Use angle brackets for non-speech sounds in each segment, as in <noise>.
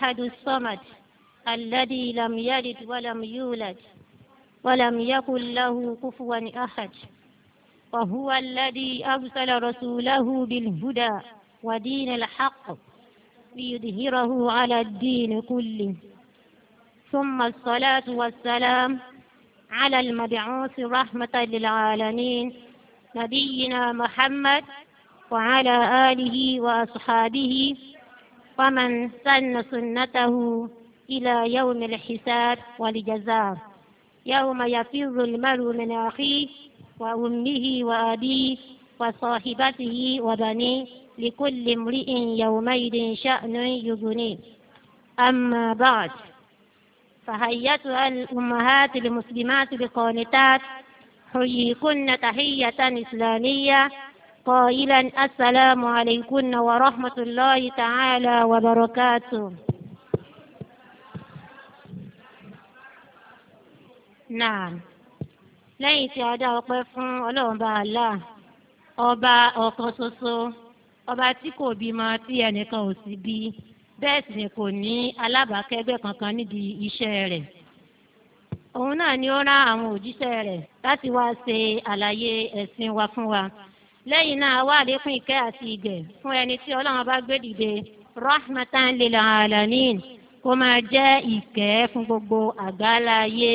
أحد الصمد الذي لم يلد ولم يولد ولم يكن له كفوا أحد وهو الذي أرسل رسوله بالهدى ودين الحق ليظهره على الدين كله ثم الصلاة والسلام على المبعوث رحمة للعالمين نبينا محمد وعلى آله وأصحابه ومن سن سنته إلى يوم الحساب والجزاء يوم يفر المرء من أخيه وأمه وأبيه وصاحبته وبنيه لكل امرئ يومئذ شأن يغنيه أما بعد فهيتها الأمهات المسلمات القانتات حييكن تحية إسلامية قائلا السلام عليكن ورحمة الله تعالى وبركاته نعم lẹ́yìn tí a dá ọpẹ́ fún ọlọ́run bá ọba ọ̀kan ọba tí kò tí ò sì bi, bẹ́ẹ̀ kò ní alábàákẹ́gbẹ́ kankan nídìí iṣẹ́ rẹ̀ òun náà ni ó rán àwọn òjíṣẹ́ rẹ̀ láti wá ṣe àlàyé ẹ̀sìn wa fún wa. lẹ́yìn náà wà lékún ìkẹ́ àti ìgẹ̀ fún ẹni tí ọlọ́run bá gbé dìde rahmatan lil alamin kó máa jẹ́ ìkẹ́ fún gbogbo àgbáláyé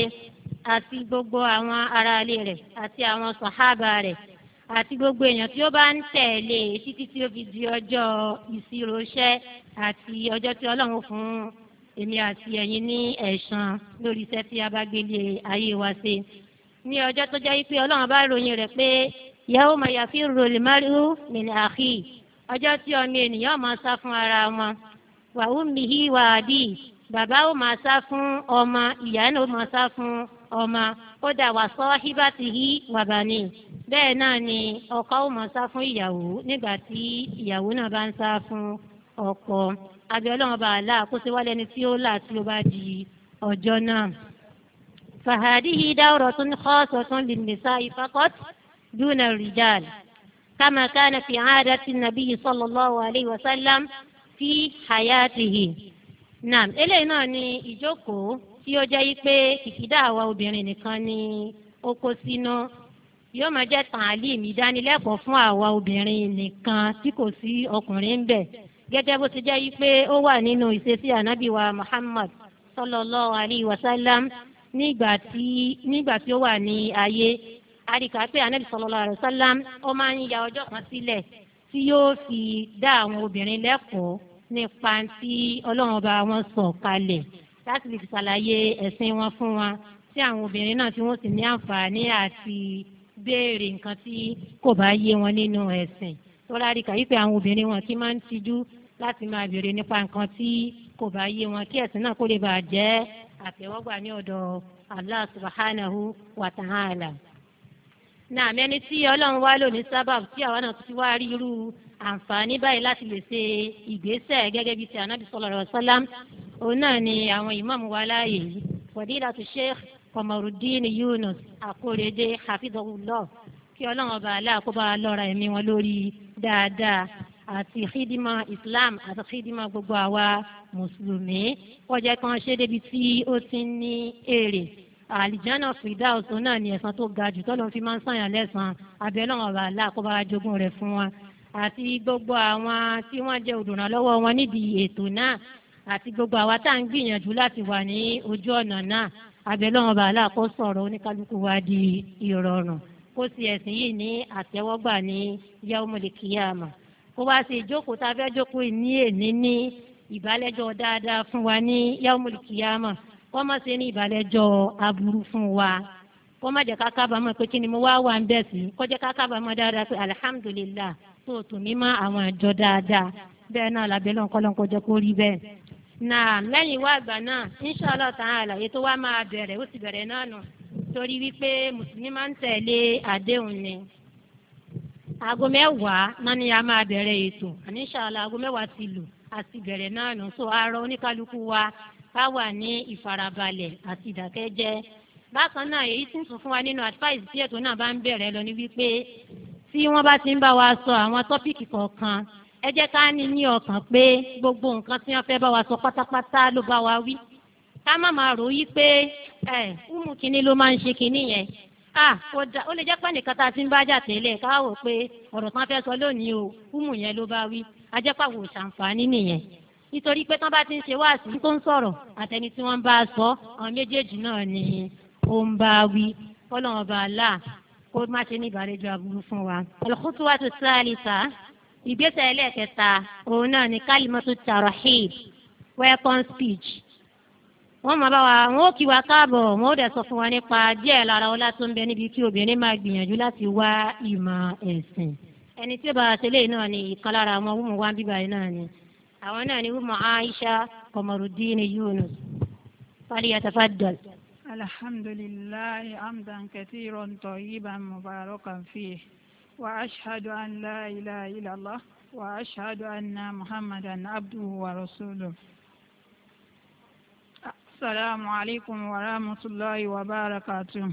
àti gbogbo àwọn aráalé rẹ̀ àti àwọn sàhábà rẹ̀ àti gbogbo èèyàn tí ó bá ń tẹ̀lé e títí tí ó fi di ọjọ́ ìṣirò àti ọjọ́ tí ọlọ́run fún èmi àti ẹ̀yin ní ẹ̀san lórí iṣẹ́ tí a bá gbélé ayé wa ṣe ní ọjọ́ tó jẹ́ pé ọlọ́run bá ròyìn rẹ̀ pé yawma yafirru al-mar'u min akhihi ọjọ́ tí ọmọ ènìyàn máa sá fún ara wọn wa ummihi wa abihi bàbá ó máa sá fún ọmọ ìyá náà ó máa sá fún ọmọ ó dà wà sahibatihi wa bani bẹ́ẹ̀ náà ni ọkọ ó máa sá fún ìyàwó nígbà tí ìyàwó náà bá ń sá fún ọkọ abẹ́ọ́lọ́wọ́n bá àlá àkóso wálé ẹni tí ó là tí ó bá di ọjọ́ náà. fahadihi dawratun khasatun lin-nisa'i faqat. دون الرجال كما كان في عادة النبي صلى الله عليه وسلم في حياته نعم eléyìí náà ni ìjókòó tí ó jẹ́ pé kìkìdá àwa obìnrin nìkan ni ó kó sínú yóò máa jẹ́ tààlìm ìdánilẹ́kọ̀ọ́ fún àwa obìnrin nìkan tí kò sí ọkùnrin ń bẹ̀ gẹ́gẹ́ bó ti jẹ́ pé ó wà nínú ìṣesí ànábì wa Muhammad sallallahu alayhi wa sallam nígbà tí nígbà tí ó wà ní ayé àríkà pé anabi sallallahu alaihi wasallam ó máa ń ya ọjọ́ kan sílẹ̀ tí yóò fi dá àwọn obìnrin lẹ́kọ̀ọ́ nípa tí ọlọ́run bá wọn sọ kalẹ̀ láti lè ṣàlàyé ẹ̀sìn wọn fún wa tí àwọn obìnrin náà tí wọ́n sì ní àǹfààní àti béèrè nǹkan tí kò bá yé wọn nínú ẹ̀sìn tó láríkà yìí pé àwọn obìnrin wọn kì í máa ń tijú láti máa béèrè nípa nǹkan tí kò bá yé wọn kí ẹ̀sìn náà kó lè bàa àtẹ̀wọ́gbà ní ọ̀dọ̀ Allah subhanahu wa ta'ala náà mẹ́ni tí ọlọ́run wá lò ní sábà tí àwa náà ti wá rí irú àǹfààní báyìí láti lè ṣe ìgbésẹ̀ gẹ́gẹ́ bíi ti ànábì sallallahu alaihi òun náà ni àwọn ìmáàmù wa láàyè yìí fadilatu sheikh Qamaruddin Yunus Akorede hafizahullah kí ọlọ́run ọba aláàkóbá lọ́ra ẹ̀mí wọn lórí dáadáa àti xidima islam àti xidima gbogbo àwa mùsùlùmí kọjá kan ṣe débi tí ó ti ní èrè àlìjánà fìdáùs òun náà ni ẹ̀san tó ga jù tọ́lọ́ fi máa ń sànyàn lẹ́sàn-án abẹ́lọ́wọ̀n ọba aláàkóbára jogún rẹ̀ fún wa àti gbogbo àwọn tí wọ́n jẹ́ olùrànlọ́wọ́ wọn nídìí ètò náà àti gbogbo àwa tá à ń gbìyànjú láti wà ní ojú ọ̀nà náà abẹ́lọ́wọ̀n ọba aláàkó sọ̀rọ̀ oníkálukú wa di ìrọ̀rùn kó sì ẹ̀sìn yìí ní àtẹ́wọ́gbà ní yaumul kó wá sí ìjókòó kó má ṣe ní ìbàlẹ́jọ́ aburú fún wa kó má jẹ́ ká kábàámọ̀ pé kí ni mo wá wà ń bẹ̀ sí kó jẹ́ ká kábàámọ̀ dáadáa pé alihamudulilá tó o tún mí má àwọn àjọ dáadáa bẹ́ẹ̀ náà làbẹ́ lọ́nkọ́lọ́nkọ́ jẹ́ kó rí bẹ́ẹ̀. náà lẹ́yìn wá àgbà náà inṣọ́lá tàn án àlàyé tó máa bẹ̀rẹ̀ ó sì bẹ̀rẹ̀ náà nù torí wípé mùsùlùmí máa ń tẹ̀lé àdéhùn ni aago mẹ́wàá náà ni a máa bẹ̀rẹ̀ ètò àníṣàlá aago mẹ́wàá ti lù àti bẹ̀rẹ̀ náà nù so àárọ̀ oníkálukú wa ká wà ní ìfarabalẹ̀ àti ìdákẹ́jẹ́ bákan náà èyí tí ń sọ fún wa nínú advice tí ètò náà bá ń bẹ̀rẹ̀ lọ ní wípé tí wọ́n bá ti ń bá wa sọ àwọn tọ́pìkì kọ̀ọ̀kan ẹ jẹ́ ká ní ní ọkàn pé gbogbo nǹkan tí wọ́n fẹ́ bá wa sọ pátápátá ló bá wa wí ká má máa rò yí pé ẹ umu kínní ló máa ń ṣe kínní yẹn ah kódà ó lè jẹ́ pé nìkan tá a ti ń bá jà tẹ́lẹ̀ ká wò pé ọ̀rọ̀ kan fẹ́ sọ lónìí o umu yẹn ló bá wí ajẹ́pàwò ṣàǹfààní nìyẹn nítorí pé tán bá ti ń ṣe wáàsí tó ń sọ̀rọ̀ àtẹni tí wọ́n bá a sọ àwọn méjèèjì náà ni ó ń bá a wí kọ́lọ́n ọba àlá kó má ṣe ní ìbàlejò aburú fún wa. ọ̀lọ́kùtù wa tó sáàlìsà ìgbésẹ̀ ẹlẹ́ẹ̀kẹta òun náà ni kálímọ́tò tarahib welcome speech wọ́n máa bá wa wọ́n ó kí wa káàbọ̀ wọ́n ó dẹ̀ sọ fún wa nípa díẹ̀ lára ọlá tó ń bẹ níbi kí obìnrin máa gbìyànjú láti wá ìmọ̀ ẹ̀sìn ẹni tí ó bá tẹ̀lé náà ni ìkan lára ọmọ wa ń bíbá yìí náà ni àwọn náà ni wúmọ Aisha Komarudin Yunus falyatafaddal. الحمد لله حمدا كثيرا طيبا مباركا فيه وأشهد أن لا إله إلا الله وأشهد أن محمدا عبده ورسوله السلام عليكم ورحمة الله وبركاته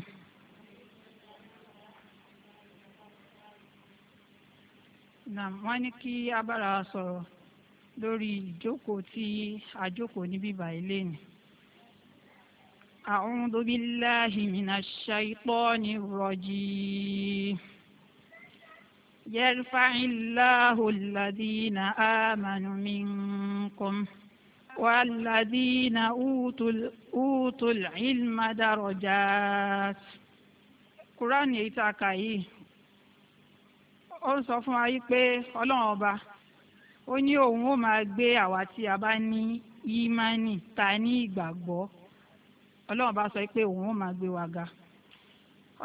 نعم وانكي أبرا صورة lórí ìjókòó tí a jókòó ní bíbá ilé ni. أعوذ بالله من الشيطان الرجيم يرفع الله الذين آمنوا منكم والذين أوتوا, أوتوا العلم درجات قرآن èyí tá a kà yìí ó ní òun ó máa gbé àwa tí a bá ní yímánì ta ní ìgbàgbọ́ ọlọ́run bá sọ pé òun ó máa gbé wa ga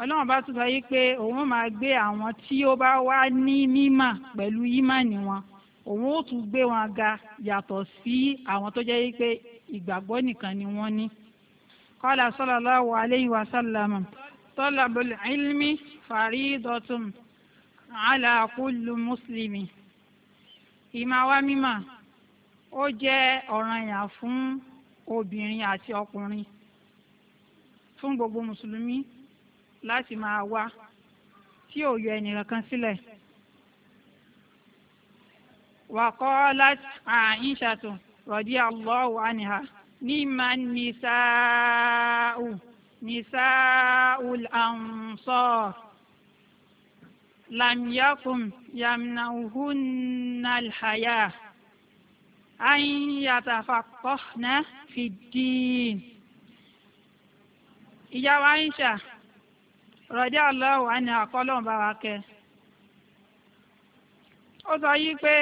ọlọ́run bá tún sọ pé òun ó máa gbé àwọn tí ó bá wá ní mímà pẹ̀lú yímánì wọn òun ó tún gbé wọn ga yàtọ̀ sí àwọn tó jẹ́ pé ìgbàgbọ́ nìkan ni wọ́n ní kọ́lá sallallahu alayhi wa sallam talabul ilmi faridatun ala kulli muslimi ìmáwá mímà ó jẹ́ ọ̀ranyàn fún obìnrin àti ọkùnrin fún gbogbo mùsùlùmí láti máa wá tí ò yọ ẹnìkankan sílẹ̀. وقالت عائشة رضي الله عنها نعم النساء نساء الأنصار لم يكن يمنعهن الحياة أن يتفقهن في الدين ìyá wa Aisha rọ̀dí àlọ́wà ní àkọ́lọ́n bá wa kẹ́ ó sọ yí pé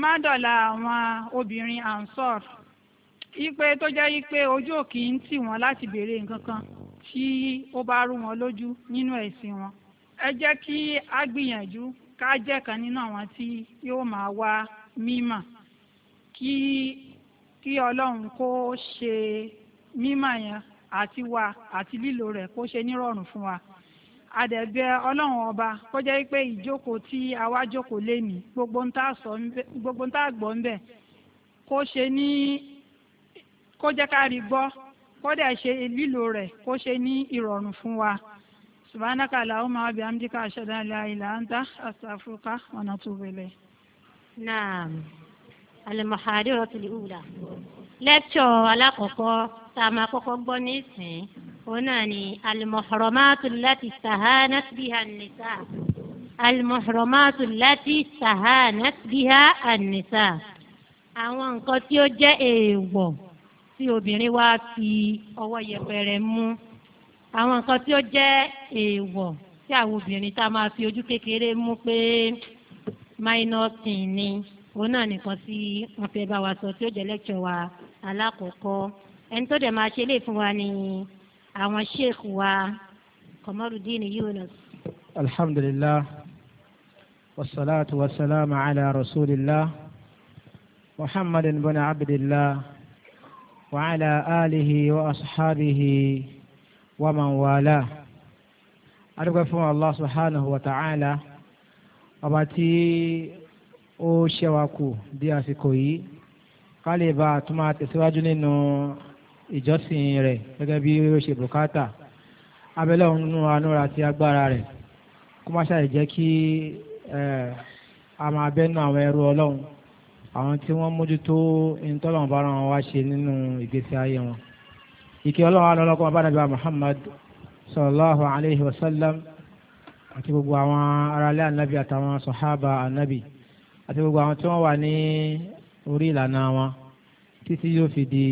mádọ̀lá àwọn obìnrin ansor yí pé tó jẹ́ yí pé ojú òkì ń tì wọ́n láti béèrè nǹkan kan tí ó bá rú wọn lójú nínú ẹ̀sìn wọn ẹ jẹ́ kí a gbìyànjú ká jẹ́ kan nínú àwọn tí yóò máa wá mímọ̀ kí kí ọlọ́run kó ṣe mímọ̀ yẹn àti wa àti lílo rẹ̀ kó ṣe nírọ̀rùn fún wa adẹ̀bẹ̀ ọlọ́run ọba kó jẹ́ pé ìjókòó tí àwa jókòó lé gbogbo ń tá gbọ́ ń bẹ̀ kó ṣe ní kó jẹ́ ká rí gbọ́ kódà ṣe lílo rẹ̀ kó ṣe ní ìrọ̀rùn fún wa subhanaka allahumma wa bihamdika ashhadu an la ilaha anta astaghfiruka wa natubu ilayk. naam al-muhadaratul ula lẹ́kṣọ̀ alákọ̀ọ́kọ́ tá a máa kọ́kọ́ gbọ́ nísìnyí òun náà ni al biha nisa al-muhramatu biha nisa àwọn nǹkan tí ó jẹ́ èèwọ̀ tí obìnrin wá fi ọwọ́ yẹpẹrẹ mú àwọn nǹkan tí ó jẹ́ èèwọ̀ tí àwọn obìnrin tá a máa fi ojú kékeré mú pé máínọ́ọ̀tì ni òun náà nìkan tí wọ́n fẹ́ bá wa sọ tí ó jẹ́ lẹ́kṣọ̀ wa alákọ̀ọ́kọ́ ẹni tó dẹ̀ máa ṣe lè fún wa ni àwọn sheikh wa Kamarudin Yunus. alhamdulillah wasalaatu wasalaamu ala rasulillah muhammadin bin abdillah. وعلى آله وأصحابه ومن والاه أرجو فهم الله سبحانه وتعالى ọba tí ó ṣẹwàkù di àsìkò yìí ká lè bá a tún máa tẹ̀síwájú nínú ìjọsìn rẹ̀ gẹ́gẹ́ bí ó ṣe bùkátà abẹ́lẹ̀ òun nínú anúra àti agbára rẹ̀ kó má ṣàì jẹ́ kí a máa bẹ́nu àwọn ẹrú ọlọ́run àwọn tí wọ́n mójútó ìtọ́lọ́wọ́n bára wọn wá ṣe nínú ìgbésí ayé wọn. ìkẹ́ ọlọ́run alọ́lọ́kọ́ abánàbíwá Muhammad sallallahu alayhi wa sallam àti gbogbo àwọn aráalé ànábì àtàwọn sọ̀hábà ànábì àti gbogbo àwọn tí wọ́n wà ní orí ìlànà wọn títí yóò fi di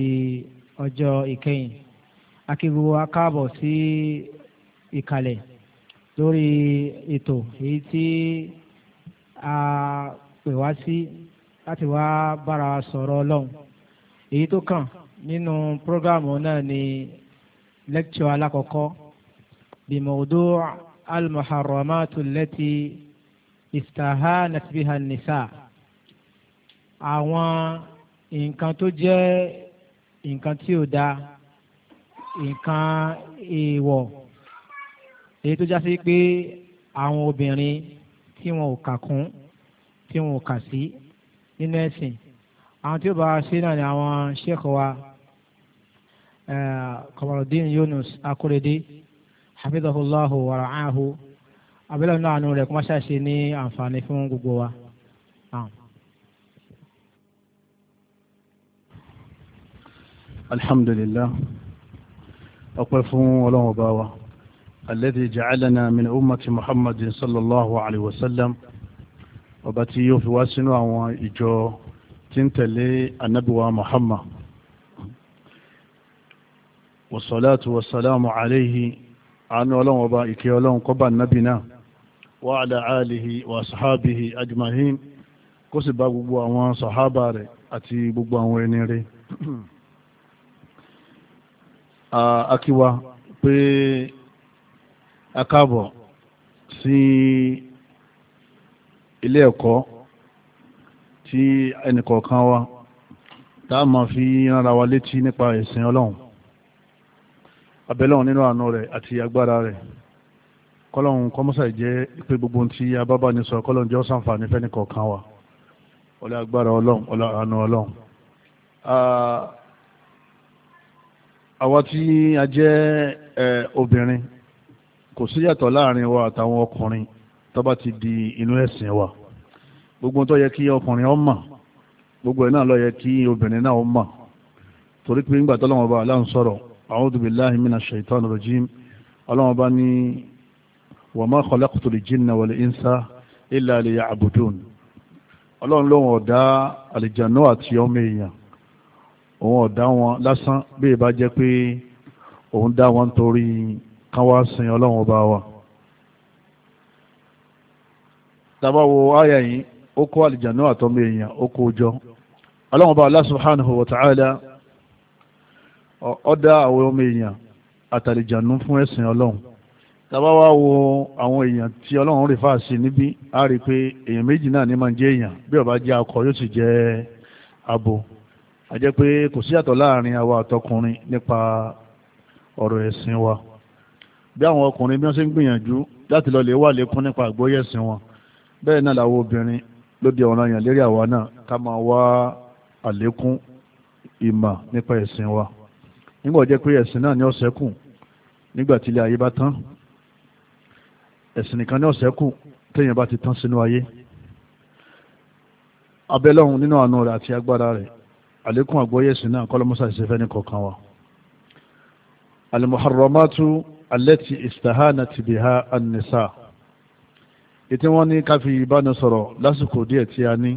ọjọ́ ìkẹyìn. akígbogbo akáàbọ̀ sí ìkàlẹ̀ lórí ètò èyí tí a pè wá sí láti wá bára sọ̀rọ̀ ọlọ́run èyí tó kàn nínú prógámù náà ni lẹ́kṣọ̀ alákọ̀ọ́kọ́ bí mọ̀ọ́dọ́ almuharramatu lẹ́tì istahanat biha nisa àwọn nǹkan tó jẹ́ nǹkan tí ò dáa nǹkan èèwọ̀ èyí tó jásí pé àwọn obìnrin tí wọn ò kà kún tí wọn ò kà sí. Si nínú ẹ̀sìn àwọn tí ó bá ṣe náà ni àwọn sheikh wa Kamarudin Yunus Akorede hafidhahullahu waraahu abẹ́lẹ̀ náà àánú rẹ̀ kó má ṣàṣe ní àǹfààní fún gbogbo wa. alhamdulillah ọpẹ́ fún ọlọ́run ọba wa alladhi ja'alana min ummati muhammadin sallallahu alayhi wa sallam ọba tí yóò fi wá sínú àwọn ìjọ tí ń tẹ̀lé anábìwá muhammad wasalaatu wasalaamu alayhi anu ọlọ́run ọba ìkẹ́ ọlọ́run kọ́ba nábì náà wa ala alihi wa sahabihi ajmahin kó sì bá gbogbo àwọn sahaba rẹ̀ àti gbogbo àwọn ẹni rẹ̀ akíwa pé akábọ̀ sí. Si, ilé ẹ̀kọ́ tí ẹnìkọ̀ọ̀kan wa tá a máa fi rárá wa létí nípa ẹ̀sìn ọlọ́run abẹ́lọ́run nínú àánú rẹ̀ àti agbára rẹ̀ kọ́lọ́run kọ́mọ́sà jẹ́ pé gbogbo tí abábá ní sọ kọ́lọ́run jẹ́ sàǹfààní fẹ́nìkọ̀ọ̀kan wa ọlá agbára ọlọ́run ọlá àánú ọlọ́run àwa tí a jẹ́ obìnrin kò síyàtọ̀ láàrin wa àtàwọn ọkùnrin tó bá ti di inú ẹ̀sìn wa gbogbo tó yẹ kí ọkùnrin ó mọ̀ gbogbo ẹ̀ náà ló yẹ kí obìnrin náà ó mọ̀ torí pé ńgbà tọ́lọ́wọ́n bá aláǹ sọ̀rọ̀ a'udhu billahi minash shaitanir rajim ọlọ́wọ́n bá ní wa ma khalaqtul jinna wal insa illa liya'budun ọlọ́run lóun ọ̀dá àlìjànú àti ọmọ èèyàn òun ọ̀dá wọn lásán bí ìbá jẹ́ pé òun dá wọn torí káwá sin ọlọ́run ọba wa. tàbá wo yìí ó kó àlìjànú àtọ́mọ èèyàn ó kó jọ ọlọ́run bá Allah subhanahu wa ta'ala ó dá àwọn ọmọ èèyàn àtàlìjànú fún ẹ̀sìn ọlọ́run tàbá wá wo àwọn èèyàn tí ọlọ́run rè fáàsì níbí á rí i pé èèyàn méjì náà ní máa ń jẹ́ èèyàn bí ó bá jẹ́ akọ yóò sì jẹ́ abo a jẹ́ pé kò sí àtọ̀ láàrin àwa àtọkùnrin nípa ọ̀rọ̀ ẹ̀sìn wa bí àwọn ọkùnrin bí wọ́n ṣe ń gbìyànjú láti lọ lè wà lékún nípa àgbọ́yẹ̀sìn wọn bẹ́ẹ̀ náà làwọn obìnrin ló ọ̀ràn yàn lérí àwa náà ká máa wá àlékún ìmọ̀ nípa ẹ̀sìn wa nígbà jẹ́ pé ẹ̀sìn náà ni ó ṣẹ́kù nígbà tí ilé ayé bá tán ẹ̀sìn nìkan ni ó ṣẹ́kù téèyàn bá ti tán sínú ayé abẹ́lọ́hun nínú àánú rẹ̀ àti agbára rẹ̀ àlékún àgbọ́yé ẹ̀sìn náà kọ́lọ́mọ́sá ìṣẹ́fẹ́ ní kọ̀ọ̀kan wa alimuharramatu alẹ́tì istahanati biha an ètí wọ́n ní ká fi ìbánisọ̀rọ̀ lásìkò díẹ̀ tí a ní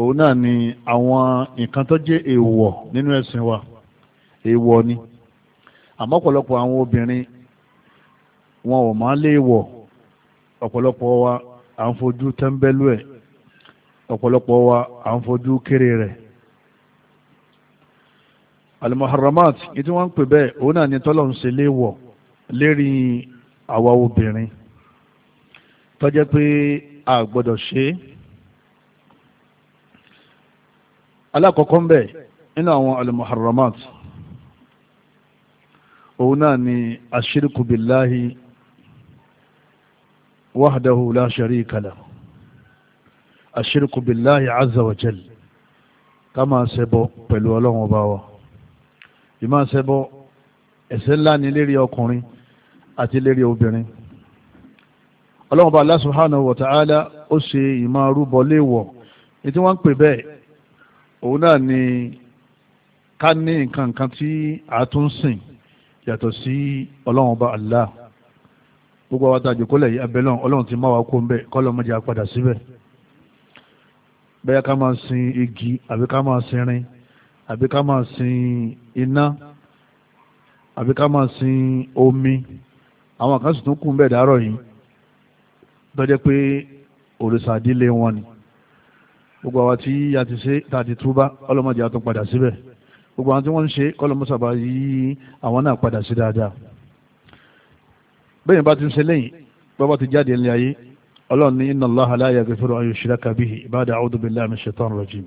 òun náà ni àwọn nǹkan tó jẹ́ èèwọ̀ nínú ẹ̀sìn wa èèwọ̀ ni àmọ́ ọ̀pọ̀lọpọ̀ àwọn obìnrin wọn ò máa lè wọ̀ ọ̀pọ̀lọpọ̀ wa à ń fojú tẹ́ńbẹ́lú ẹ̀ ọ̀pọ̀lọpọ̀ wa à ń fojú kéré rẹ̀ alimuharramat ní tí ń pè bẹ́ẹ̀ òun náà ni tọ́lọ́run ṣe léèwọ̀ lérí àwa obìnrin tọ́jẹ́ pé a gbọ́dọ̀ ṣe é alákọ̀ọ́kọ́ ń bẹ̀ nínú àwọn al-muharramat òun náà ni ashirku billahi wahdahu la sharika lahu ashirku billahi azza wa jal ká máa ṣẹbọ pẹ̀lú ọlọ́run ọba wa ìmáa ṣẹbọ ẹ̀ṣẹ̀ ńlá ni lérí ọkùnrin àti lérí obìnrin ọlọ́run bá Allah subhanahu wa ta'ala ó ṣe ìmọ̀ arúbọ léèwọ̀ ní tí wọ́n ń pè bẹ́ẹ̀ òun náà ni ká ní nǹkan nǹkan tí a tún sìn yàtọ̀ sí ọlọ́run bá Allah gbogbo àwọn àtàjò kólẹ̀ yìí abẹ́lọ́ ọlọ́run ti máa wá kó ń bẹ̀ kọ́lọ́ mọ́jà padà síbẹ̀ bẹ́ẹ̀ ká máa sin igi àbí ká máa sin rin àbí ká máa sin iná àbí ká máa sin omi àwọn kan sì kù ń bẹ̀ dárọ̀ yìí tọ́jẹ́ pé òrìṣà ìdílé wọn ni gbogbo àwa tí a ti ṣe tá a ti túbá ọlọ́mọdé àtún padà síbẹ̀ gbogbo àwọn tí wọ́n ń ṣe kọ́lọ́mọ́sàbá yí àwọn náà padà sí dáadáa bẹ́ẹ̀ bá ti ń ṣe lẹ́yìn bọ́bá ti jáde ńlẹ̀ ayé ọlọ́run ní inna Allaha la yaghfiru an yushraka bihi ba'da a'udhu billahi minash shaitani rajim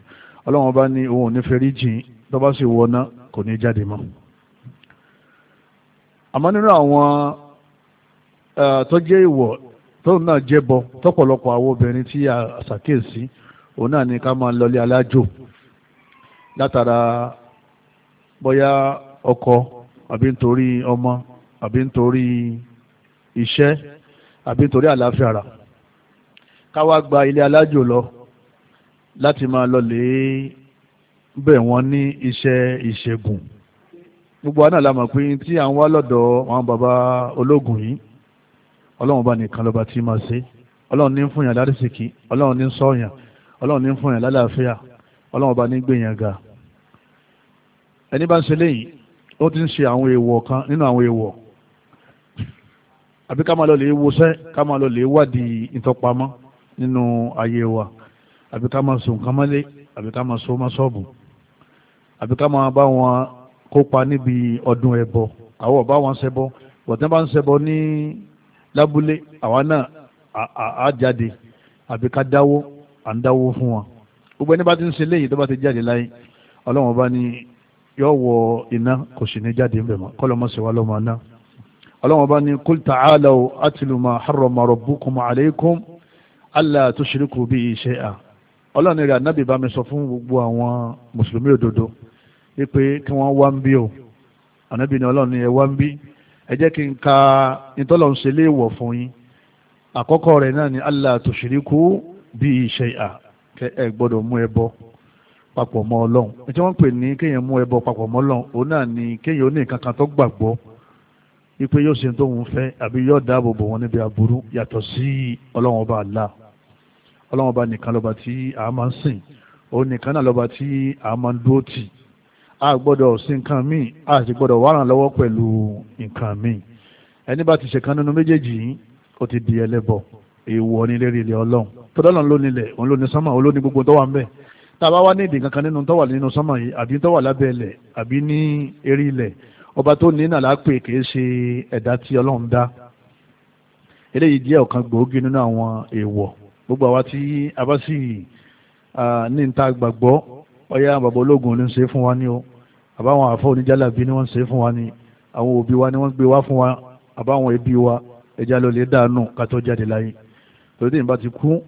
ọlọ́run bá ní òun ò ní fẹ́rí jìn tó bá sì wọ́ná kò ní jáde mọ́ àmọ́ nínú àwọn tó ìwọ̀ tóun náà jẹ́bọ tọ́pọ̀lọpọ̀ àwọn obìnrin tí a ṣàkíyèsí òun náà ni ká máa lọlé alájò látara bóyá ọkọ àbí ọmọ àbí nítorí iṣẹ́ àbí nítorí àlàáfíà ara ká wá gba ilé alájò lọ láti máa lọlé wọ́n ní iṣẹ́ ìṣègùn gbogbo àná pé tí à ń wá ọlọ́run bá nìkan lọ́ba tí máa ṣe ọlọ́run ní fún yàn lárísìkí ọlọ́run ní sọ́ọ̀yàn ọlọ́run ní fún yàn lálàáfíà ọlọ́run bá ní gbìyàn ga ẹni bá ń ṣe léyìn ó ti ń ṣe àwọn èèwọ̀ kan nínú àwọn èèwọ̀ àbí ká máa lọ lè wọṣẹ́ ká máa lọ lè wádìí ìtọ́pamọ́ nínú ayé wa àbí ká máa sùn kán mọ́lé àbí ká máa so máa ṣọ́ọ̀bù àbí ká máa bá wọn kópa níbi ọdún ẹbọ àwọn ọba wọn ṣẹbọ bọ̀tẹ́ bá ń ṣẹbọ ní lábúlé àwa náà á jáde àbí ká dáwó à ń dáwó fún wọn gbogbo ẹni bá ti ń ṣe léyìí tó bá ti jáde láyé ọlọ́run bá ní yóò wọ iná kò sì ní jáde ńbẹ̀ mọ́ kọ́ lọ́mọ ṣèwá lọ́mọ náà ọlọ́run bá ní kul ta'alaw atlu ma harrama rabbukum alaykum alla tushriku bihi shay'a ọlọ́run rẹ̀ ànábì bá mi sọ fún gbogbo àwọn mùsùlùmí òdodo wípé kí wọ́n wá ń bí o ànábì ni ọlọ́run ẹ wá ń bí ẹ jẹ́ kí n ka ìtọ́lọ̀ ń ṣe léèwọ̀ fún yín àkọ́kọ́ rẹ̀ náà ni allah tushiriku bíi shay'a ẹ gbọ́dọ̀ mú ẹbọ papọ̀ mọ́ ọlọ́run ẹ wọ́n pè ní kéèyàn mú ẹbọ papọ̀ mọ́ ọlọ́run òun náà ni kéèyàn ó ní nǹkan kan tó gbàgbọ́ wípé yóò ṣe tóun fẹ́ àbí yóò dáàbò bò wọ́n níbi aburú yàtọ̀ sí ọlọ́run ọba allah ọlọ́run ọba nìkan lọ́ba tí a máa ń sìn òun nìkan náà lọ́ba tí a máa ń dúró tì a gbọ́dọ̀ sí nǹkan míì a sì gbọ́dọ̀ wárán lọ́wọ́ pẹ̀lú nǹkan míì ẹni bá ti ṣèkan nínú méjèèjì yìí ó ti di ẹlẹ́bọ èèwọ̀ ní lérí ilẹ̀ ọlọ́run tọ́lọ́run ló nílẹ̀ òun ló ní sánmà òun ló ní gbogbo tó wà ń bẹ̀ tá a bá wá ní ìdí kankan nínú tó wà nínú sánmà yìí àbí tó wà lábẹ́ ilẹ̀ àbí ní eré ilẹ̀ ọba tó ní nàlá pé kì í ṣe ẹ̀dá tí ọlọ́run dá eléyìí jẹ́ ọ̀kan gbòógì nínú àwọn èèwọ̀ gbogbo àwa tí a bá sì ní ìta gbàgbọ́ ọyá bàbá ológun ní ṣe fún wa ní o àbáwọn àfọ oníjàlábí ni wọ́n ń ṣe fún wa ni àwọn òbí wa ni wọ́n gbé wá fún wa àbáwọn ẹbí wa ẹja ló lè dànù ká tó jáde láyé torí nígbà tí kú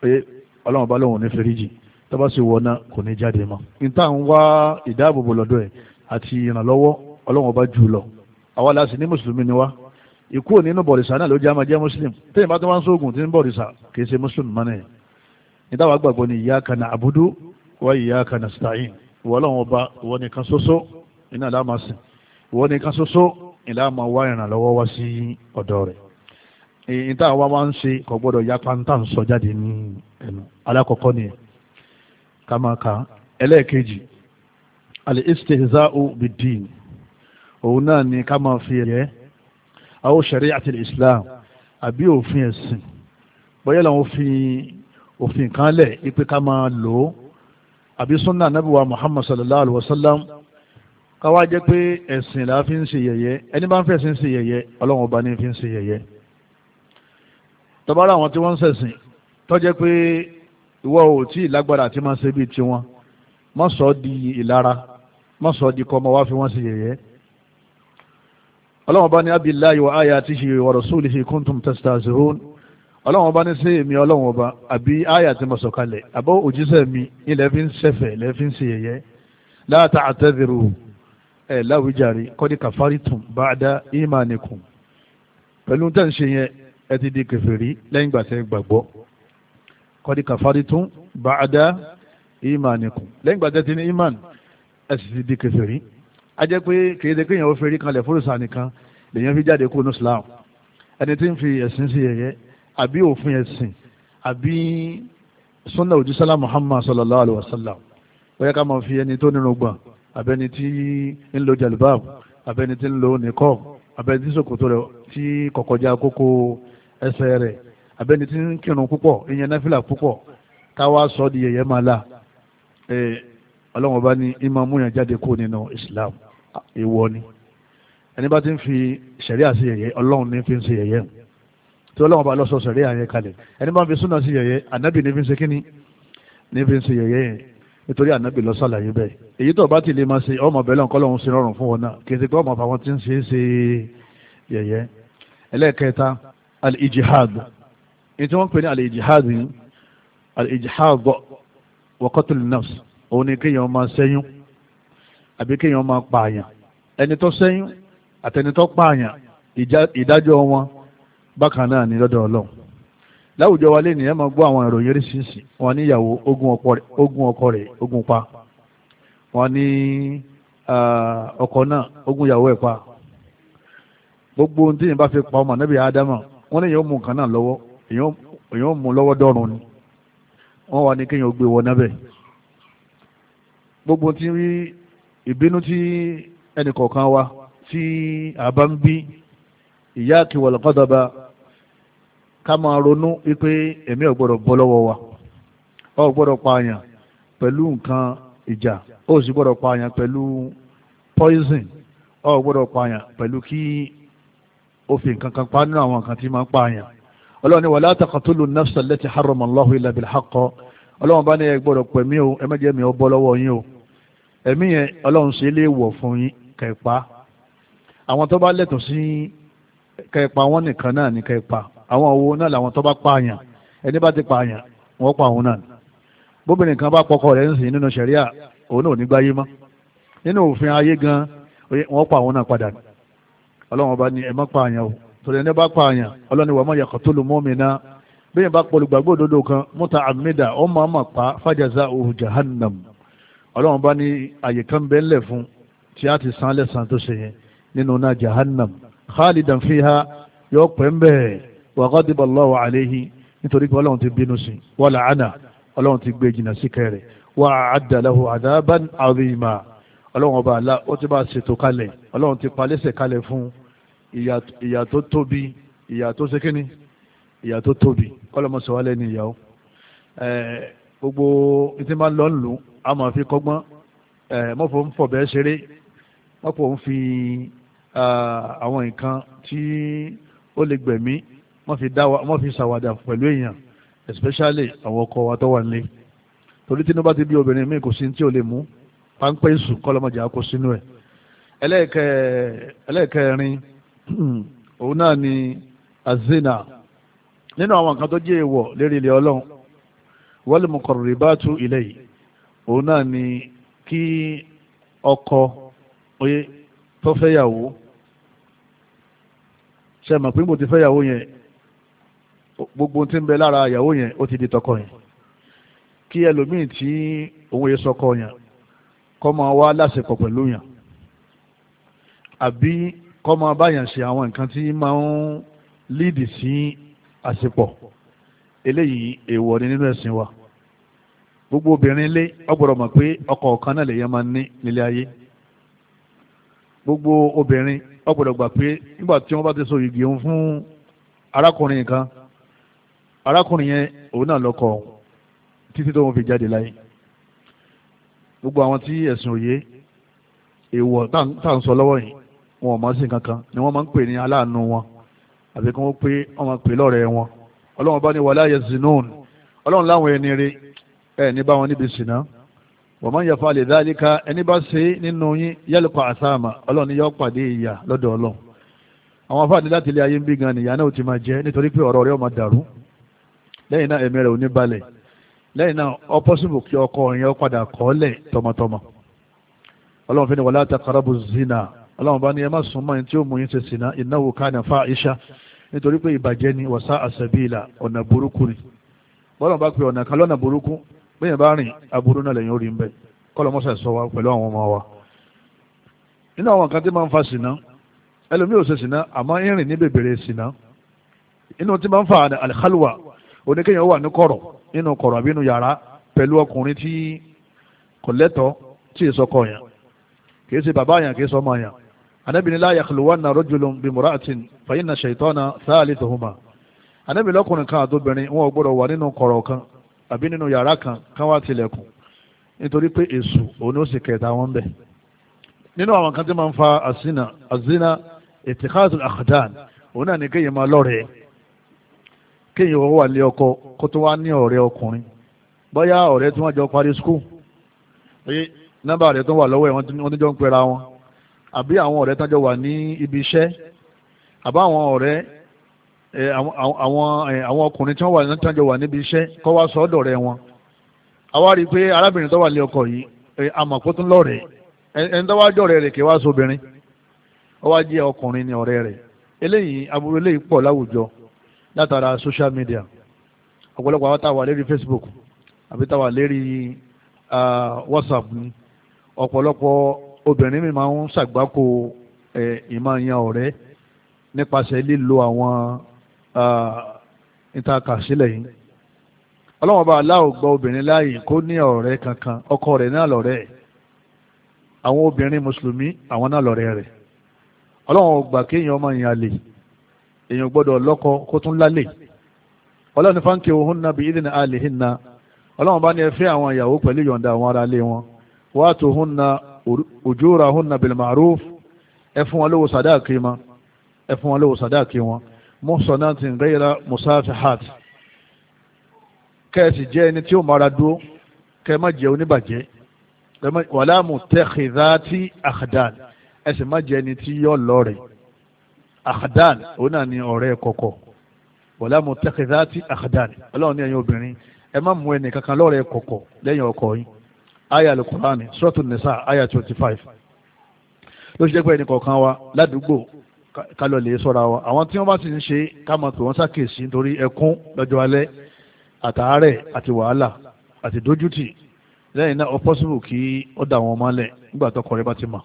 pé ọlọ́run bá lóun ní fèrèjì tó bá sì wọná kò ní jáde mọ́. níta ń wá ìdáàbòbò lọ́dọ̀ ẹ̀ àti ìrànlọ́wọ́ ọlọ́run bá jù lọ àwa la ní mùsùlùmí ni wá ikú ò nínú bọ̀rìṣà náà ló jẹ́ àmọ́ mùsùlùm tẹ́yìn tó wá sóògùn tí ń bọ̀rìṣà kì í ṣe mùsùlùm mọ́ nìyẹn níta wàá gbàgbọ́ ni iyyaka na'budu wa iyyaka nasta'in ìwọ ọlọ́run ọba ìwọ nìkan ṣoṣo iná ìlà máa sìn ìwọ nìkan ṣoṣo ìlà máa wá ìrànlọ́wọ́ wá sí ọ̀dọ̀ rẹ̀ èyí tá a wá máa ń ṣe kò gbọ́dọ̀ yapa ń ń sọ jáde ní ẹnu alákọ̀ọ́kọ́ nìyẹn ká máa kà á ẹlẹ́ẹ̀kejì alẹ́ istihza'u bid-din òun náà ni ká máa fi ẹ̀yẹ́ àwọn shari'atil islam àbí òfin ẹ̀sìn bóyá làwọn òfin òfin kan lẹ̀ ipe ká máa lò ó àbí sunna anabiwa muhammad sallallahu alaihi wa sallam káwá jẹ́ pé ẹ̀sìn là fi ń ṣe yẹ̀yẹ́ ẹni bá ń fẹ̀sìn ṣe yẹ̀yẹ́ ọlọ́run ọba ní fi ń ṣe yẹ̀yẹ́ tọ́bárà àwọn tí wọ́n ń ṣẹ̀sìn tọ́jẹ́ pé ìwọ ò tí ìlágbára àti máa ṣe bíi tiwọn má sọ ọ́ di ìlara má sọ ọ́ di kọ́mọ wá fi wọ́n ṣe yẹ̀yẹ́ ọlọ́run ọba ní abillahi wa ayatihi wa rasulihi kuntum tastahzi'un ọlọ́run ọba ní sí èmi ọlọ́run ọba àbí àyà tí mo sọ kalẹ̀ àbọ̀ òjíṣẹ́ mi ilẹ̀ fi ń ṣẹ̀fẹ̀ ilẹ̀ fi ń ṣe yẹ̀yẹ́ láta àtẹ́bìrù ẹ̀ láwùjáre kọ́dí kàfárìtùm ba'da ìmánìkùn pẹ̀lú tẹ̀ ń ṣe yẹn ẹ ti di kèfèrí lẹ́yìn ìgbà tẹ́ gbàgbọ́ kọ́dí kàfárìtùm ba'da ìmánìkùn lẹ́yìn ìgbà tẹ́ ti ní ìmán ẹ sì ti di kèfèrí a jẹ́ pé kéde kéèyàn ó fẹ́rí kalẹ̀ fúrùsà nìkan lèèyàn fi jáde kó nù Islam ẹni tí ń fi ẹ̀sìn sí yẹ̀yẹ́ àbí òfin ẹ̀sìn àbí sunna òjísọ́lá muhammad sallallahu alayhi wa sallam bóyá ká máa fi ẹni tó nínú gbọ̀n àbẹ́ni tí ń lo jalbab àbẹ́ni tí ń lo nìkọ́ àbẹ́ni tí sòkòtò rẹ̀ tí kọ̀kọ́já kókó ẹsẹ̀ rẹ̀ àbẹ́ni tí ń kírun púpọ̀ ìyẹn náfìlà púpọ̀ káwá sọ di yẹ̀yẹ́ máa la ọlọ́run bá ní ìmọ̀ múyàn jáde kó nínú islam èèwọ̀ ni ẹni bá ti ń fi ṣẹ̀ríà sí yẹ̀yẹ́ ọlọ́run ní fi ń ṣe yẹ̀yẹ́ tí ọlọ́wọ́n bá lọ́sọ̀ sẹ̀rí àyẹn kalẹ̀ ẹni máa fi súnà sí yẹ̀yẹ́ ànábì ní fi ń ṣe kíní ní fi ń ṣe yẹ̀yẹ́ yẹn nítorí ànábì lọ sàlàyé bẹ́ẹ̀ èyí tó bá ti lè máa ṣe ọmọ bẹ́ẹ̀ lọ́nkọ́ lọ́hún ṣe rọrùn fún wọn náà kì í ṣe pé ọmọ àfàwọn ti ń ṣe é ṣe yẹ̀yẹ́ ẹlẹ́ẹ̀kẹta al-ijihad ní tí wọ́n ń ìdájọ́ wọn bákan náà ní lọ́dọ̀ ọlọ́run láwùjọ wa lé nìyẹn máa gbọ́ àwọn ìròyìn oríṣiríṣi wọn ní ìyàwó ogún ọkọ rẹ̀ ogún pa wọn ní ọkọ náà ogún ìyàwó ẹ̀ pa gbogbo ohun tí yìí bá fi pa ọmọ níbi àádámà wọn ní èèyàn mú nǹkan náà lọ́wọ́ èèyàn mú lọ́wọ́ dọ́rùn ni wọ́n wà ní kéèyàn gbé e wọ nábẹ̀ gbogbo tí ìbínú tí ẹnìkọ̀ọ̀kan wa tí àbá ń bí ìyá àkíwọ̀lọ́kọ́dọ̀ba ká máa ronú wípé ẹ̀mí ò gbọ́dọ̀ bọ́ lọ́wọ́ wa ò gbọ́dọ̀ pààyàn pẹ̀lú nǹkan ìjà ó sì gbọ́dọ̀ pààyàn pẹ̀lú poison ò gbọ́dọ̀ pààyàn pẹ̀lú kí ó fi nǹkan kan pa nínú àwọn nǹkan tí máa ń pààyàn ọlọ́run ni wà látàkàtúlù nafsa lẹ́tì harrama Allahu illa bil haqq ọlọ́run bá ní ẹ gbọ́dọ̀ pẹ̀mí o ẹ má jẹ́ mi ọ bọ́ lọ́wọ́ yín o ẹ̀mí yẹn ọlọ́run ṣe lè wọ̀ fún yín kẹ́ẹ̀pá àwọn tó bá lẹ́tọ̀ọ́ sí kẹ́ẹ̀pá wọn nìkan náà ní kẹ́ẹ̀pá àwọn òwò náà làwọn tó bá pààyàn ẹni bá ti pààyàn wọ́n pa òun náà bóbìnrin kan bá pọkọ rẹ̀ ń sìn nínú sẹ̀ríà òun náà ò ní gbáyé mọ́ nínú òfin ayé gan wọ́n pa òun náà padà ọlọ́run ọba ni ẹ má pààyàn o torí ẹni bá pààyàn ọlọ́run ni wọ́n tó lu mọ́mì náà bí yẹn bá pọ̀lù gbàgbọ́ òdodo kan múta àmìdá ó máa mà pa fàjàzà òhù jahannam ọlọ́run bá ní àyè kan bẹ́ẹ̀ lẹ̀ fún tí a ti san lẹ́sàn tó ṣe yẹn nínú náà jahannam khalidan fiha yọ pẹ́ ń wa ghadiba Allahu alayhi nítorí pé ọlọ́run ti bínú sí wa la'ana ọlọ́run ti gbé jìnnà sí kẹrẹ̀ wa a'adda lahu adhaban adhima ọlọ́run ọba àlá ó ti bá ṣètò kalẹ̀ ọlọ́run ti palẹ́sẹ̀ kalẹ̀ fún ìyà tó tóbi ìyà tó ṣe kíni ìyà tó tóbi kọ́lọ́mọsọ wálé ìyàwó gbogbo ìtí máa ń lọ lù á máa fi kọ́gbọ́n mọ́fọ́ ń fọ̀ bẹ́ẹ̀ ṣeré mọ́fọ́ ń fi àwọn nǹkan tí ó lè gbẹ̀mí wọ́n fi ṣàwàdà pẹ̀lú èèyàn especially àwọn ọkọ wa tó wà nílé torí tí inú bá ti bí obìnrin míì kò sí tí ò lè mú páńpẹ́ ìsù kọ́lọ́mọdé àkó sínú ẹ̀ ẹlẹ́ẹ̀kẹrin <clears throat> òun náà ni azina nínú àwọn nǹkan tó jẹ́ èèwọ̀ lérí ilé ọlọ́run wal muqarribatu ilayhi òun náà ni kí ọkọ tó fẹ́yàwó ṣe mọ̀ pé mo ti fẹ́yàwó yẹn gbogbo tí ń bẹ lára ìyàwó yẹn ó ti di tọkọ yẹn kí ẹlòmíì tí òun yẹ sọkọ yẹn kọ́ máa wá láṣepọ̀ pẹ̀lú yẹn àbí kọ́ máa báyàn ṣe àwọn nǹkan tí máa ń líìdì sí àṣepọ̀ eléyìí èèwọ̀ ni nínú ẹ̀sìn wa gbogbo obìnrin ilé ọgbọ́dọ̀ mọ̀ pé ọkọ ọ̀kan náà lèyàn máa ní nílé ayé gbogbo obìnrin ọgbọ́dọ̀ gbà pé nígbà tí wọ́n bá ti so igi fún arákùnrin arákùnrin yẹn òun náà lọ́kọ títí tó wọn fi jáde láyé gbogbo àwọn tí ẹ̀sìn òye èèwọ̀ tá à ń sọ lọwọ yìí wọn ò kankan ni wọ́n máa ń pè ní aláàánú wọn àbí kí wọ́n pé wọ́n máa pè lọ́rẹ̀ẹ́ wọn bá ní wala láwọn ẹni rẹ ẹ ní bá wọn níbi sìnà ẹni bá ṣe nínú yín asama ni yóò pàdé àwọn afáàdé láti ilé ayé ń bí gan lẹ́yìn náà ẹ̀mí rẹ̀ ò ní balẹ̀ lẹ́yìn náà kí ọkọ yẹn padà kọ́lẹ̀ tọmọtọmọ ọlọ́run fi ni wàlá zina ọlọ́run bá ní ẹ má mọ́ ẹni tí ó mú yín ṣe sìnà innahu kana fa'isha nítorí pé ìbàjẹ́ ni wàsá àṣàbíìlà ọ̀nà burúkú ni bọ́lá bá pe ọ̀nà kan burúkú bẹ́ẹ̀ bá rìn aburú náà lẹ́yìn orí ń wa pẹ̀lú oníkéèyàn wà ní kọ̀rọ̀ nínú kọ̀rọ̀ àbí nínú yàrá pẹ̀lú ọkùnrin tí kò lẹ́tọ̀ọ́ tí ì sọkọ yẹn kì í ṣe bàbá yẹn kì í sọmọ yẹn anabi ni la yakhluwanna rajulun bimra'atin fa inna shaytana thalithuhuma anabi lọ́kùnrin kan àtobìnrin wọn ò gbọ́dọ̀ wà nínú kọ̀rọ̀ kan àbí nínú yàrá kan kan wá tilẹ̀kùn nítorí pé èṣù òun ó sì kẹta wọn bẹ̀ nínú àwọn kan tí máa ń fa àzina àzina ìtìkáàtù àkàdán òun náà ní kéèyàn máa lọ́rẹ̀ẹ́ kéèyàn wà lé ọkọ kó tó wá ní ọ̀rẹ́ ọkùnrin bóyá ọ̀rẹ́ tí wọ́n jọ parí skul oye nọ́mbà rẹ̀ tó wà lọ́wọ́ ẹ̀ wọ́n ti jọ ń pera wọn àbí àwọn ọ̀rẹ́ tó jọ wà ní ibi iṣẹ́ àbá àwọn ọ̀rẹ́ àwọn ọkùnrin tí wọ́n wà tó jọ wà níbi iṣẹ́ kọ́ wá sọ́dọ̀ rẹ̀ wọn àwa rí i pé arábìnrin tó wà lé ọkọ yìí àmọ̀ kó tún lọ́rẹ̀ ẹni tó wá jọ rẹ̀ látara social media ọ̀pọ̀lọpọ̀ àwọn táwà lérí Facebook àbí táwà lérí WhatsApp ni ọ̀pọ̀lọpọ̀ obìnrin mi máa ń ṣàgbákò ìmọ̀-ìyàn ọ̀rẹ́ nípasẹ̀ lílo àwọn ìtakàsílẹ̀ yìí ọlọ́wọ́n bá aláwò gba obìnrin láàyè kó ní ọ̀rẹ́ kankan ọkọ rẹ̀ náà lọ̀rẹ́ ẹ̀ àwọn obìnrin mùsùlùmí àwọn náà lọ̀rẹ́ rẹ̀ ọlọ́wọ́n gbà kéèyàn ọmọ ìyàn èèyàn gbọ́dọ̀ lọ́kọ kó tún lálẹ́ ọlọ́run ní fáńkì òhun náà bí ìdí ní alẹ́ hìn náà ọlọ́run bá ní ẹ fẹ́ àwọn ìyàwó pẹ̀lú yọ̀ǹda àwọn ará ilé wọn wá tó hun na ojú ra hun na bil ma'ruf ẹ fún wọn lówó sàdáàkì wọn ẹ wọn lówó sàdáàkì wọn muhsanatin ghayra musafihat kẹ́ẹ̀sì jẹ́ ẹni tí ó mara dúró kẹ́ẹ̀ má jẹ́ oníbàjẹ́ wàlámù tẹ́kìdáàtì àkàdán ẹ sì má jẹ́ ẹni tí yọ lọ́rẹ̀ẹ́ àkàdán òun náà ni ọ̀rẹ́ kọ̀kọ̀ wọ̀lá mo tẹ́kẹ̀dá tí àkàdán ọlọ́run ní ẹ̀yin obìnrin ẹ má mú ẹnì kankan lọ́rẹ́ kọ̀kọ̀ lẹ́yìn ọkọ yín aya alukurani suratul nisa aya twenty five ló ṣe jẹ́ pé ẹnì kọ̀ọ̀kan wa ládùúgbò ká lọ lè sọ́ra wa àwọn tí wọ́n bá ti ń ṣe ká máa pè wọ́n sákèsí nítorí ẹkún lọ́jọ́ alẹ́ àtàárẹ̀ àti wàhálà àti dójútì lẹ́yìn náà ó kí ó dà wọ́n mọ́lẹ̀ nígbà tọkọ rẹ bá ti mọ̀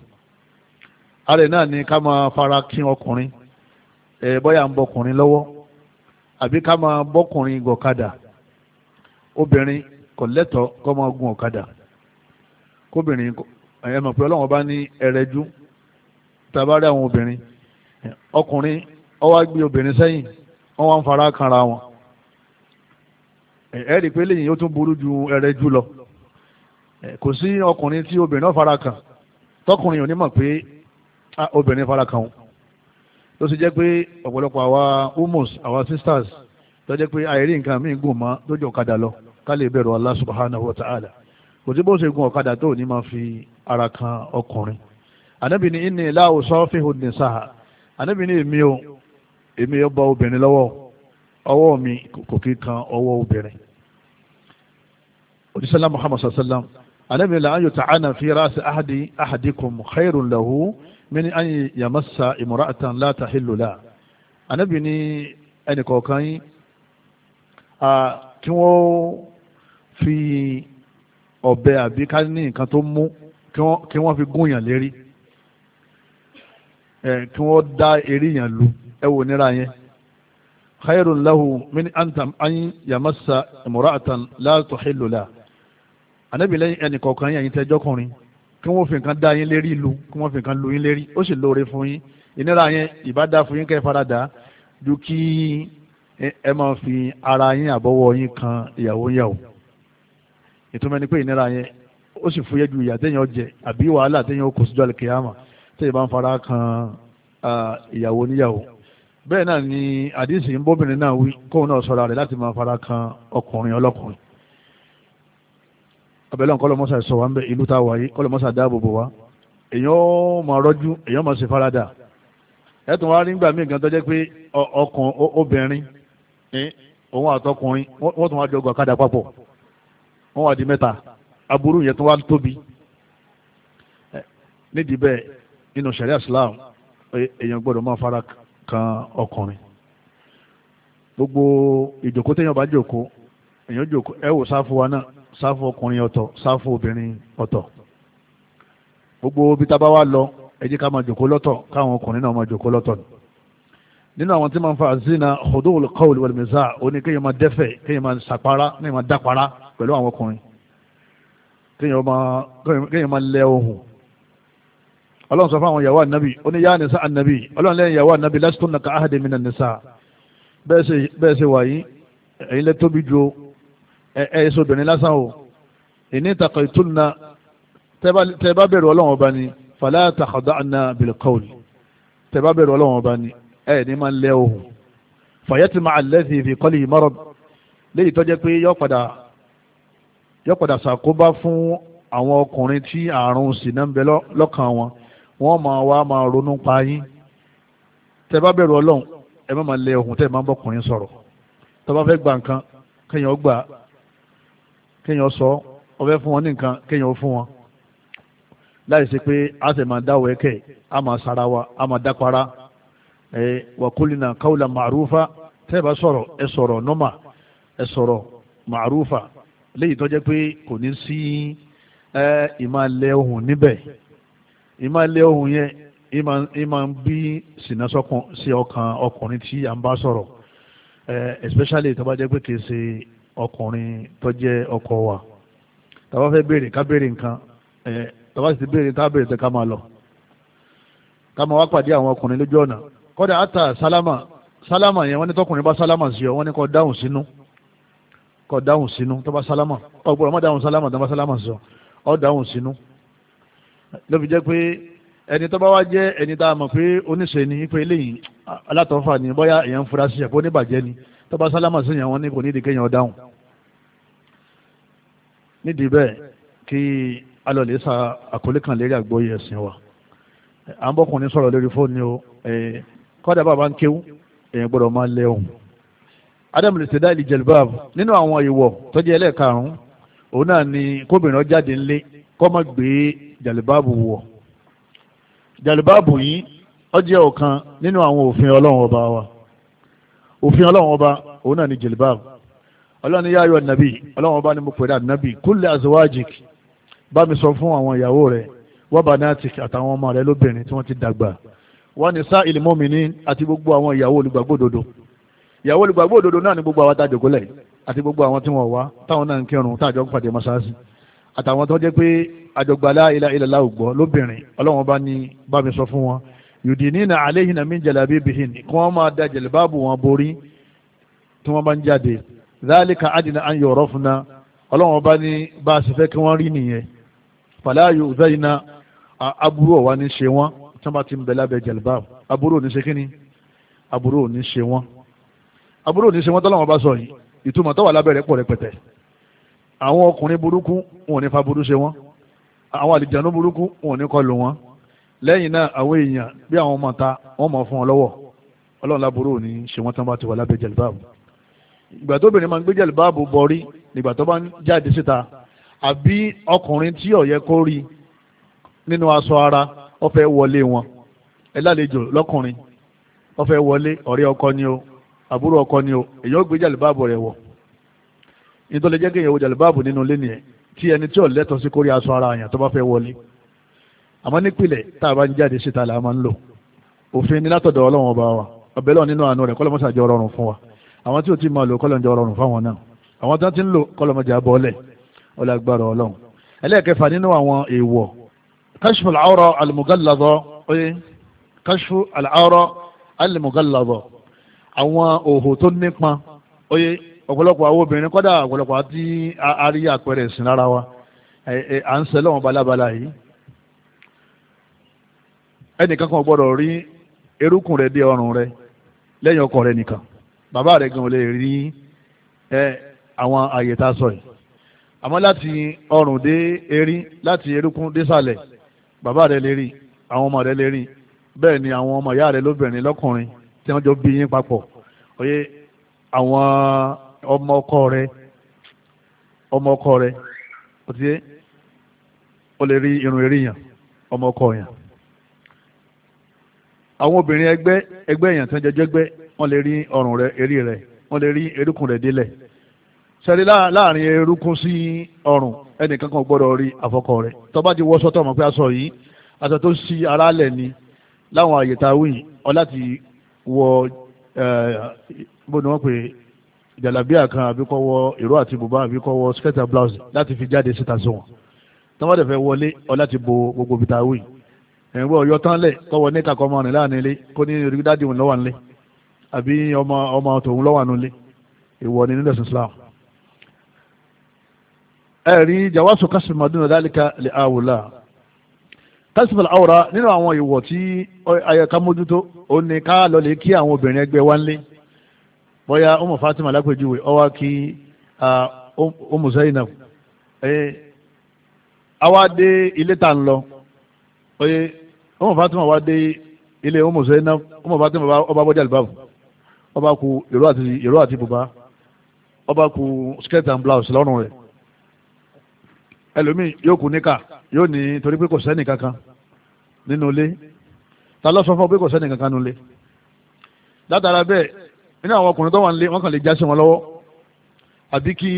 àárẹ̀ náà ni ká máa fara kí ọkùnrin bọ́yà ń bọkùnrin lọ́wọ́ àbí ká máa bọ́kùnrin gọ̀kadà obìnrin kò lẹ́tọ̀ọ́ kó máa gun ọ̀kadà kóbìnrin ẹ mọ̀ pé ọlọ́wọ́n bá ní ẹrẹ́jú tá a bá rí àwọn obìnrin ọkùnrin ó wá gbé obìnrin sẹ́yìn wọ́n wá ń fara kanra wọn ẹ rí i pé lẹ́yìn ó tún burú ju ẹrẹ́jú lọ kò sí ọkùnrin tí obìnrin náà fara kàn tọkùnrin ò ní mọ̀ pé obìnrin fara kàn wọn ló sì jẹ́ pé ọ̀pọ̀lọpọ̀ àwa humus àwa sisters tó jẹ́ pé àìrí nǹkan míì gùn mọ́ lójú ọ̀kadà lọ ká lè bẹ̀rù Allah subhanahu wa ta'ala kò sí bó ṣe gun ọ̀kadà tó ní máa fi ara kan ọkùnrin ànábì ní inni la usafihu nisaa ànábì ní èmi o èmi ọba obìnrin lọ́wọ́ ọwọ́ mi kò kí kan ọwọ́ obìnrin òjísàlá Muhammad sallallahu alaihi wa sallam anabi la ayo ta'ana fi rasi ahadi ahadikum khairun lahu min an yamassa imra'atan la tahillu la anabi ni ẹni kọ̀ọ̀kan yín a kí wọ́n fi ọ̀bẹ àbí ká ní nǹkan tó mú kí wọ́n fi gún yàn lérí ẹ kí wọ́n dá eré lu ẹ wò nira yẹn khairun lahu min an yamassa imra'atan la tahillu la ànábì lẹ́yìn ẹnì kọ̀ọ̀kan yẹn ẹ̀yin tẹ́jọ́kùnrin kí wọ́n fi nǹkan dá yín lérí ìlú kí wọ́n fi nǹkan lu yín lérí ó sì lóore fún yín ìnira yẹn ìbádá fún yín kẹ́ faradà ju kí ẹ máa fi ara yín àbọ̀wọ́ yín kan ìyàwó yàwó ìtumọ̀ ni pé ìnira yẹn ó sì fúyẹ́ ju ìyà téèyàn jẹ àbí wàhálà téèyàn kò síjọ́ àlùkìyàmà téèyàn bá ń fara kan ìyàwó níyàwó bẹ́ẹ̀ náà ni àdìsí ń bóbìnrin náà wí kóun náà sọ̀rọ̀ rẹ̀ láti máa fara kan abẹ́lẹ́ kọ́lọ́mọ́sà sọ wa ń bẹ ìlú tá a wà yìí dáàbò bò wa èèyàn ó máa rọ́jú èèyàn máa ṣe farada ẹ̀tùn wa nígbà míì gan tó jẹ́ pé ọkàn obìnrin òun àtọkùnrin wọ́n tún wá jọ papọ̀ wọ́n wá di mẹ́ta aburú yẹn tún gbogbo ìjòkó téèyàn bá jòkó èèyàn jòkó ẹ wò sáfù sáfù ọkùnrin ọ̀tọ̀ sáfù obìnrin ọ̀tọ̀ gbogbo ibi tá a bá wá lọ ẹ jẹ́ ká máa jòkó lọ́tọ̀ káwọn ọkùnrin náà máa jòkó lọ́tọ̀ nínú àwọn tí máa ń fa àzínà khudul qawl wal mizah òní kéèyàn máa dẹ́fẹ̀ kéèyàn máa sàpárá kéèyàn máa dápárá pẹ̀lú àwọn ọkùnrin kéèyàn máa lẹ ohùn ọlọ́run sọ fún àwọn ìyàwó ànábì ó ní yáà ànábì ọlọ́run lẹ́yìn ìyàwó ànábì lastunna ka ahadin minan nisa bẹ́ẹ̀ ṣe wà yìí ẹ̀yin lẹ́tọ́bi ju ẹ̀ẹ́sọ obìnrin lásán o ìní ìtàkọ̀ ìtúnna tẹ́bá bẹ̀rù ọlọ́run ọba ni fàlẹ́ àtàkọ̀dá àná bìlìkọ́ọ̀lì tẹ́bá bẹ̀rù ọlọ́run ọba ni ẹ̀ ní máa ń lẹ́ ohùn fàyẹ́tì máa lẹ́sìn ìfi kọ́lì ìmọ̀rọ̀ léyìí tó pé yọ́ padà ṣàkóbá fún àwọn ọkùnrin tí àrùn ṣìnà ń bẹ lọ́kàn wọn wọ́n máa wá máa ronú pa yín tẹ́bá bẹ̀rù ọlọ́run ẹ má máa lẹ ohùn tẹ́ máa bọ́kùnrin sọ̀rọ̀ tó bá fẹ́ gba nǹkan kéèyàn gbà kéèyàn sọ ọfẹ́ fún wọn ní nǹkan kéèyàn fún wọn láì ṣe pé a sì máa dáwọ̀ ẹ̀kẹ́ a máa sara wa a máa dápara ẹ káwùlà màrúfà tẹ́ ẹ bá sọ̀rọ̀ ẹ sọ̀rọ̀ nọ́mà ẹ sọ̀rọ̀ màrúfà léyìí tó jẹ́ pé kò ní sí ẹ ìmàlẹ̀ ohun níbẹ̀ ìmàlẹ̀ yẹn ìmà ń bí sinasọ́kàn sí ọkàn ọkùnrin tí a ń bá sọ̀rọ̀ especially tó bá jẹ́ pé kì í ọkùnrin tó jẹ́ ọkọ wa tàbá fẹ́ béèrè ká béèrè nǹkan ẹ̀ tàbá sì béèrè tá béèrè tẹ ká máa lọ ká máa wá pàdé àwọn ọkùnrin lójú ọ̀nà kọ́dà àtà sálámà sálámà yẹn wọ́n ní tọkùnrin bá sálámà sí ọ wọ́n ní kó dáhùn sínú kó dáhùn sínú tó bá sálámà ọgbọ́n ọmọ dáhùn sálámà tó bá sálámà sí ọ ọ dáhùn sínú ló fi jẹ́ pé ẹni tó bá wá jẹ́ ẹni tá a mọ̀ pé oníṣẹ́ ni ipe eléyìí alátọ̀ọ́fà ni bóyá èèyàn ń fura sí ẹ̀kọ́ oníbàjẹ́ ni tọ́ba sálámà sí yàn wọ́n ní kò nídìí kéèyàn dáhùn nídìí bẹ́ẹ̀ kí alọ́lẹ̀ sa àkọlé kan lérí àgbóyè ẹ̀sìn wa à ń bọ́kùnrin sọ̀rọ̀ lórí fóònù o kọ́dà bàbá ń kéwú èèyàn gbọ́dọ̀ máa lé ohùn adam lè ṣẹ̀dá ìjẹ̀lbáàb nínú àwọn ìwọ̀ tó jẹ́ ẹlẹ́ẹ̀karùn-ún òun náà ni kóbìnrin jáde ńlé kó má gbé jàlbáàbù wọ̀ jàlbáàbù yìí ó jẹ́ ọ̀kan nínú àwọn òfin ọlọ́run ọba wa òfin ọlọ́run ọba òun náà ni jilbab ọlọ́run ni yáyọ nàbí ọlọ́run ọba ni mo pèrè ànábì kulli azwajik bá mi sọ fún àwọn ìyàwó rẹ wa banatik àtàwọn ọmọ rẹ lóbìnrin tí wọ́n ti dàgbà wa nisa'il mu'minin àti gbogbo àwọn ìyàwó olùgbàgbọ́ ìyàwó olùgbàgbọ́ náà ni gbogbo àwọn tajòkólẹ̀ àti gbogbo àwọn tí wọ́n wá táwọn náà ń kírun táàjọ ń pàdé mọ́ṣáláṣí àtàwọn tó jẹ́ pé àjọgbàlá ilà ilà láwùgbọ́ lóbìnrin ọlọ́run ọba ni bá mi sọ fún wọn yudinina alayhinna min jalabibihin kí wọ́n máa da jẹ̀lẹ̀báàbù wọn borí tí wọ́n bá ń jáde zálíkà adìna an yu'rafna ọlọ́wọ́n bá ní bá a sì fẹ́ kí wọ́n rí nìyẹn fala yu'zayna aburú ọ̀wá ní ṣe wọ́n tí wọ́n bá ti ń bẹ lábẹ́ jẹ̀lẹ̀báàbù aburú ò ní ṣe kíni aburú ò ní ṣe wọ́n aburú ní ṣe wọ́n tọ́lọ́wọ́n bá sọ yìí ìtumọ̀ tó wà pọ̀ rẹpẹtẹ àwọn ọkùnrin burúkú wọn ò ní fa burú ṣe wọ́n àwọn àlìjànú burúkú wọn ò ní kọlù wọn lẹ́yìn náà àwọn èèyàn bí àwọn ọmọ ta wọ́n mọ̀ fún ọ lọ́wọ́ ọlọ́run láburú ò ní ṣe wọ́n tán bá ti wà lábẹ́ jẹ̀lbáàbù ìgbà tó obìnrin máa ń gbé jẹ̀lbáàbù bọrí nígbà tó bá ń jáde síta àbí ọkùnrin tí ó yẹ kó rí nínú aṣọ ara ó fẹ́ wọlé wọn ẹ lálejò lọ́kùnrin ó fẹ́ wọlé ọ̀rẹ́ ọkọ ni o àbúrò ọkọ ni o èyí ó gbé jẹ̀lbáàbù rẹ̀ wọ̀ nítorí jẹ́ kéèyàn wo jẹ̀lbáàbù nínú ilé nìyẹn tí ẹni tí ò sí kórí aṣọ ara àyàn tó bá fẹ́ wọlé àmọ́ nípìnlẹ̀ tá a bá ń jáde síta là máa ń lò òfin ni látọ̀dọ̀ ọlọ́run ọba wa ọbẹ̀ lọ nínú àánú rẹ̀ kọ́lọ́mọ́sà jẹ́ ọrọ̀rùn fún wa àwọn tí ò ti máa lò kọ́lọ́mọ́sà ọrọ̀rùn fáwọn náà àwọn tó ti ń lò kọ́lọ́mọ́sà bọ́ọ̀lẹ̀ ọlágbára ọlọ́run ẹlẹ́ẹ̀kẹfà nínú àwọn èèwọ̀ kashfu al-awra al-mughalladha oye kashfu al-awra al-mughalladha àwọn òhò tó nípa oye ọ̀pọ̀lọpọ̀ àwọn obìnrin kọ́dà ọ̀pọ̀lọpọ̀ àti àríyá àpẹẹrẹ ìsìn lára wa à ń sẹ́lẹ̀ wọn balabala yìí ẹnìkan kan gbọ́dọ̀ rí erúkún rẹ̀ dé ọrùn rẹ̀ lẹ́yìn ọkọ rẹ̀ nìkan bàbá rẹ̀ gan lè rí ẹ àwọn àyè tá a sọ yìí àmọ́ láti ọrùn dé erí láti erúkún désàlẹ̀ bàbá rẹ̀ lè rí àwọn ọmọ rẹ̀ lè rí bẹ́ẹ̀ ni àwọn ọmọ ìyá rẹ̀ lóbìnrin lọ́kùnrin tí wọ́n jọ bí yín papọ̀ oyè àwọn ọmọ ọkọ rẹ̀ ọmọ ọkọ rẹ̀ ó ti ó lè rí irun erí yàn ọmọ ọkọ yàn àwọn obìnrin ẹgbẹ́ ẹgbẹ́ èèyàn tán jẹjẹ́ gbẹ́ wọ́n lè rí ọrùn rẹ̀ eré rẹ̀ wọ́n lè rí erékùn rẹ̀ délẹ̀ sẹ́rí láàrin erékùn sí ọrùn ẹnìkan kan gbọ́dọ̀ rí àfọkọ rẹ̀ tó bá ti wọ́sọ tó mọ̀ pé aṣọ yìí aṣọ tó sí ara lẹ̀ ni láwọn àyè tá a ọ láti wọ bó ni wọ́n pè jàlábíà kan àbí kọ́ wọ ìró àti bùbá àbí kọ́ wọ skirt and blouse láti fi jáde síta sí wọn tó bá dẹ̀ fẹ́ wọlé ọ láti bo gbogbo bìtà wí ẹ̀ǹgbọ́ ọ̀yọ́ tán lẹ̀ tọwọ́ níta kọ́ ọmọ rẹ̀ láàrin ilé kó ní orí dáàdì òun lọ́wọ́ nílé àbí ọmọ ọmọ tòun lọ́wọ́ nílé ìwọ ni nílẹ̀ Islam. ẹ rí jawasu kásìmù adúlọ̀ dálíkà lè àwòlá kásìmù àwòrá nínú àwọn ìwọ̀ tí ayọ̀ká mójútó ó ní ká lọ lè kí àwọn obìnrin ẹgbẹ́ wá nílé bóyá ọmọ Fatima lápèjúwe ọwá kí ọmọ umm, Zainab ẹ awá dé ilé tá ń lọ ọmọ fatima wá dé ilé ọmọ sẹ́yìn ọmọ fatima ọba bọ́jà lùbáwò ọba ku ìró àti ìró àti bùbá ọba ku skirt and blouse lọ́rùn rẹ̀ ẹlòmíì yóò kú níkà yóò ní torí pé kò sẹ́ni kankan nínú ilé ta ló sọ fún ọ pé kò sẹ́ni kankan nínú ilé látara bẹ́ẹ̀ nínú àwọn ọkùnrin tó wà nílé wọ́n kàn lè jásí wọn lọ́wọ́ àbí kí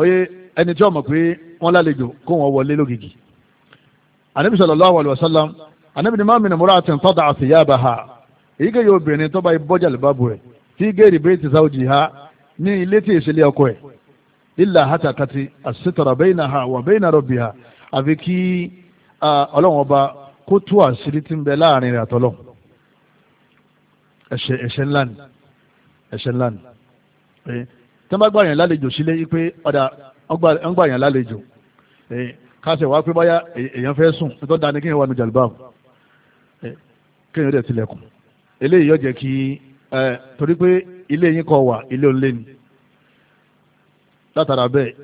ọyẹ ẹni tí ó mọ̀ pé wọ́n lálejò kó wọn wọlé lógìgì anabi sallallahu alayhi wa sallam anabi ni maa mi namura ati nfada ati yaaba ha èyí kẹ́ yóò bìnrin tó bá yí bọ́jà lè bá bu rẹ̀ tí géèrè bẹ́ẹ̀ ti sáwọ́jì ha ní ilé tí èsèlé ọkọ ẹ̀ ilà hàtàkàtì àṣetọ̀rọ̀ bẹ́ẹ̀ náà ha wà bẹ́ẹ̀ náà ha àfi kí ọlọ́run ọba kó tú àṣírí tí ń bẹ láàrin rẹ̀ àtọ́lọ́ ẹ̀ṣẹ̀ ẹ̀ṣẹ̀ ńlá ni ẹ̀ṣẹ̀ ńlá ni tí wọ́n bá gbà yàn lálejò sílé yí káṣẹ̀ wá pé báyá èèyàn fẹ́ sùn tó dáa ní kíyàn wà ní jàlùbáwò kíyàn dẹ̀ tilẹ̀kùn eléyìí yóò jẹ́ kí torí pé ilé yín kọ wà ilé òǹlé ni látara bẹ́ẹ̀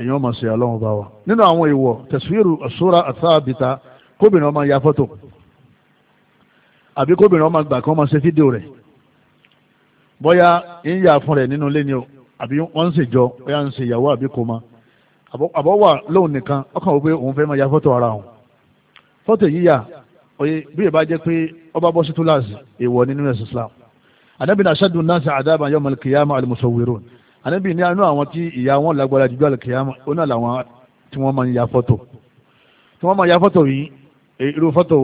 èèyàn máa ṣe àlọ́run bá wa nínú àwọn ìwọ̀ tẹ̀síwìrù ṣúra àtàbìta kóbìnrin ọmọ ya fọ́tò àbí kóbìnrin ọmọ gbà kí wọ́n máa ṣe fídíò rẹ̀ bóyá ń yà fún rẹ̀ nínú ilé ni o àbí wọ́n ń ṣèjọ bóyá ń ṣe àbí kò máa àbọ̀ wà lóun nìkan ọkàn wò pé òun fẹ́ máa ya fọ́tò ara òun fọ́tò yíyà oye bí ìbá jẹ́ pé ọba bọ́ sí túláàsì èèwọ̀ nínú ẹ̀sìn Islam anabi na aṣáájú náà ṣe àdáàbà yọ malikiyama alimusowiro anabi ní anú àwọn tí ìyá wọn lágbára jùlọ alikiyama ó náà làwọn tí wọ́n máa ń ya fọ́tò tí wọ́n máa ya fọ́tò yìí irú fọ́tò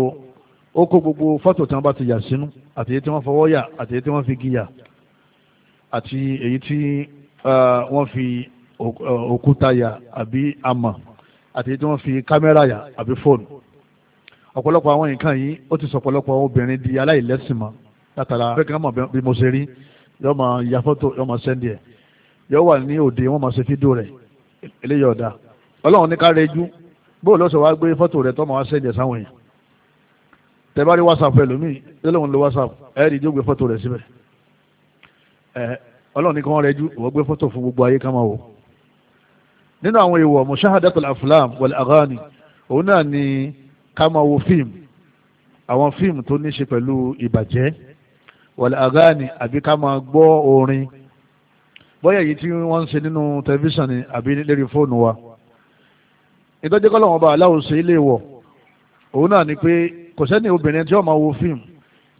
ó kó gbogbo fọ́tò tí wọ́n bá ti yà sínú àti èyí tí wọ́n fọwọ́ yà àti èyí tí wọ́n fi gíyà àti èyí tí uh, wọ́n fi òkúta yà àbí amọ̀ àti tí wọ́n fi kámẹ́rà yà àbí fóònù ọ̀pọ̀lọpọ̀ àwọn nǹkan yìí ó ti sọ obìnrin di aláìlẹ́sìn mọ́ látara bẹ́ẹ̀ kí wọ́n mọ̀ bí mo ṣe rí yọ́ máa ya fọ́tò yọ́ máa sẹ́ndì ẹ̀ yọ́ wà ní òde wọ́n máa ṣe fídíò rẹ̀ eléyìí ọ̀dà ọlọ́run ní ká rejú bóòlù ọ̀sẹ̀ wá gbé fọ́tò rẹ̀ tọ́mọ̀ wá sẹ́ndì ẹ̀ sáwọn èèyàn tẹ bá rí whatsapp ẹlòmíì lọ́lọ́run lo whatsapp ẹ̀ rí ìjọ gbé fọ́tò rẹ̀ síbẹ̀ ọlọ́run ní kí wọ́n rejú ìwọ́n gbé fọ́tò fún gbogbo ayé ká máa wò nínú àwọn èèwọ̀ mushahadatul aflam wal aghani òun náà ni ká máa wo fíìmù àwọn fíìmù tó ní ṣe pẹ̀lú ìbàjẹ́ wal aghani àbí ká máa gbọ́ orin bóyá èyí tí wọ́n ń ṣe nínú tẹlifíṣàn ni àbí lérí fóònù wa ìtọ́jú kọ́ lọ́wọ́ bá aláwo ṣe ilé wọ̀ òun náà ni pé kò sẹ́ni obìnrin tí ó máa wo fíìmù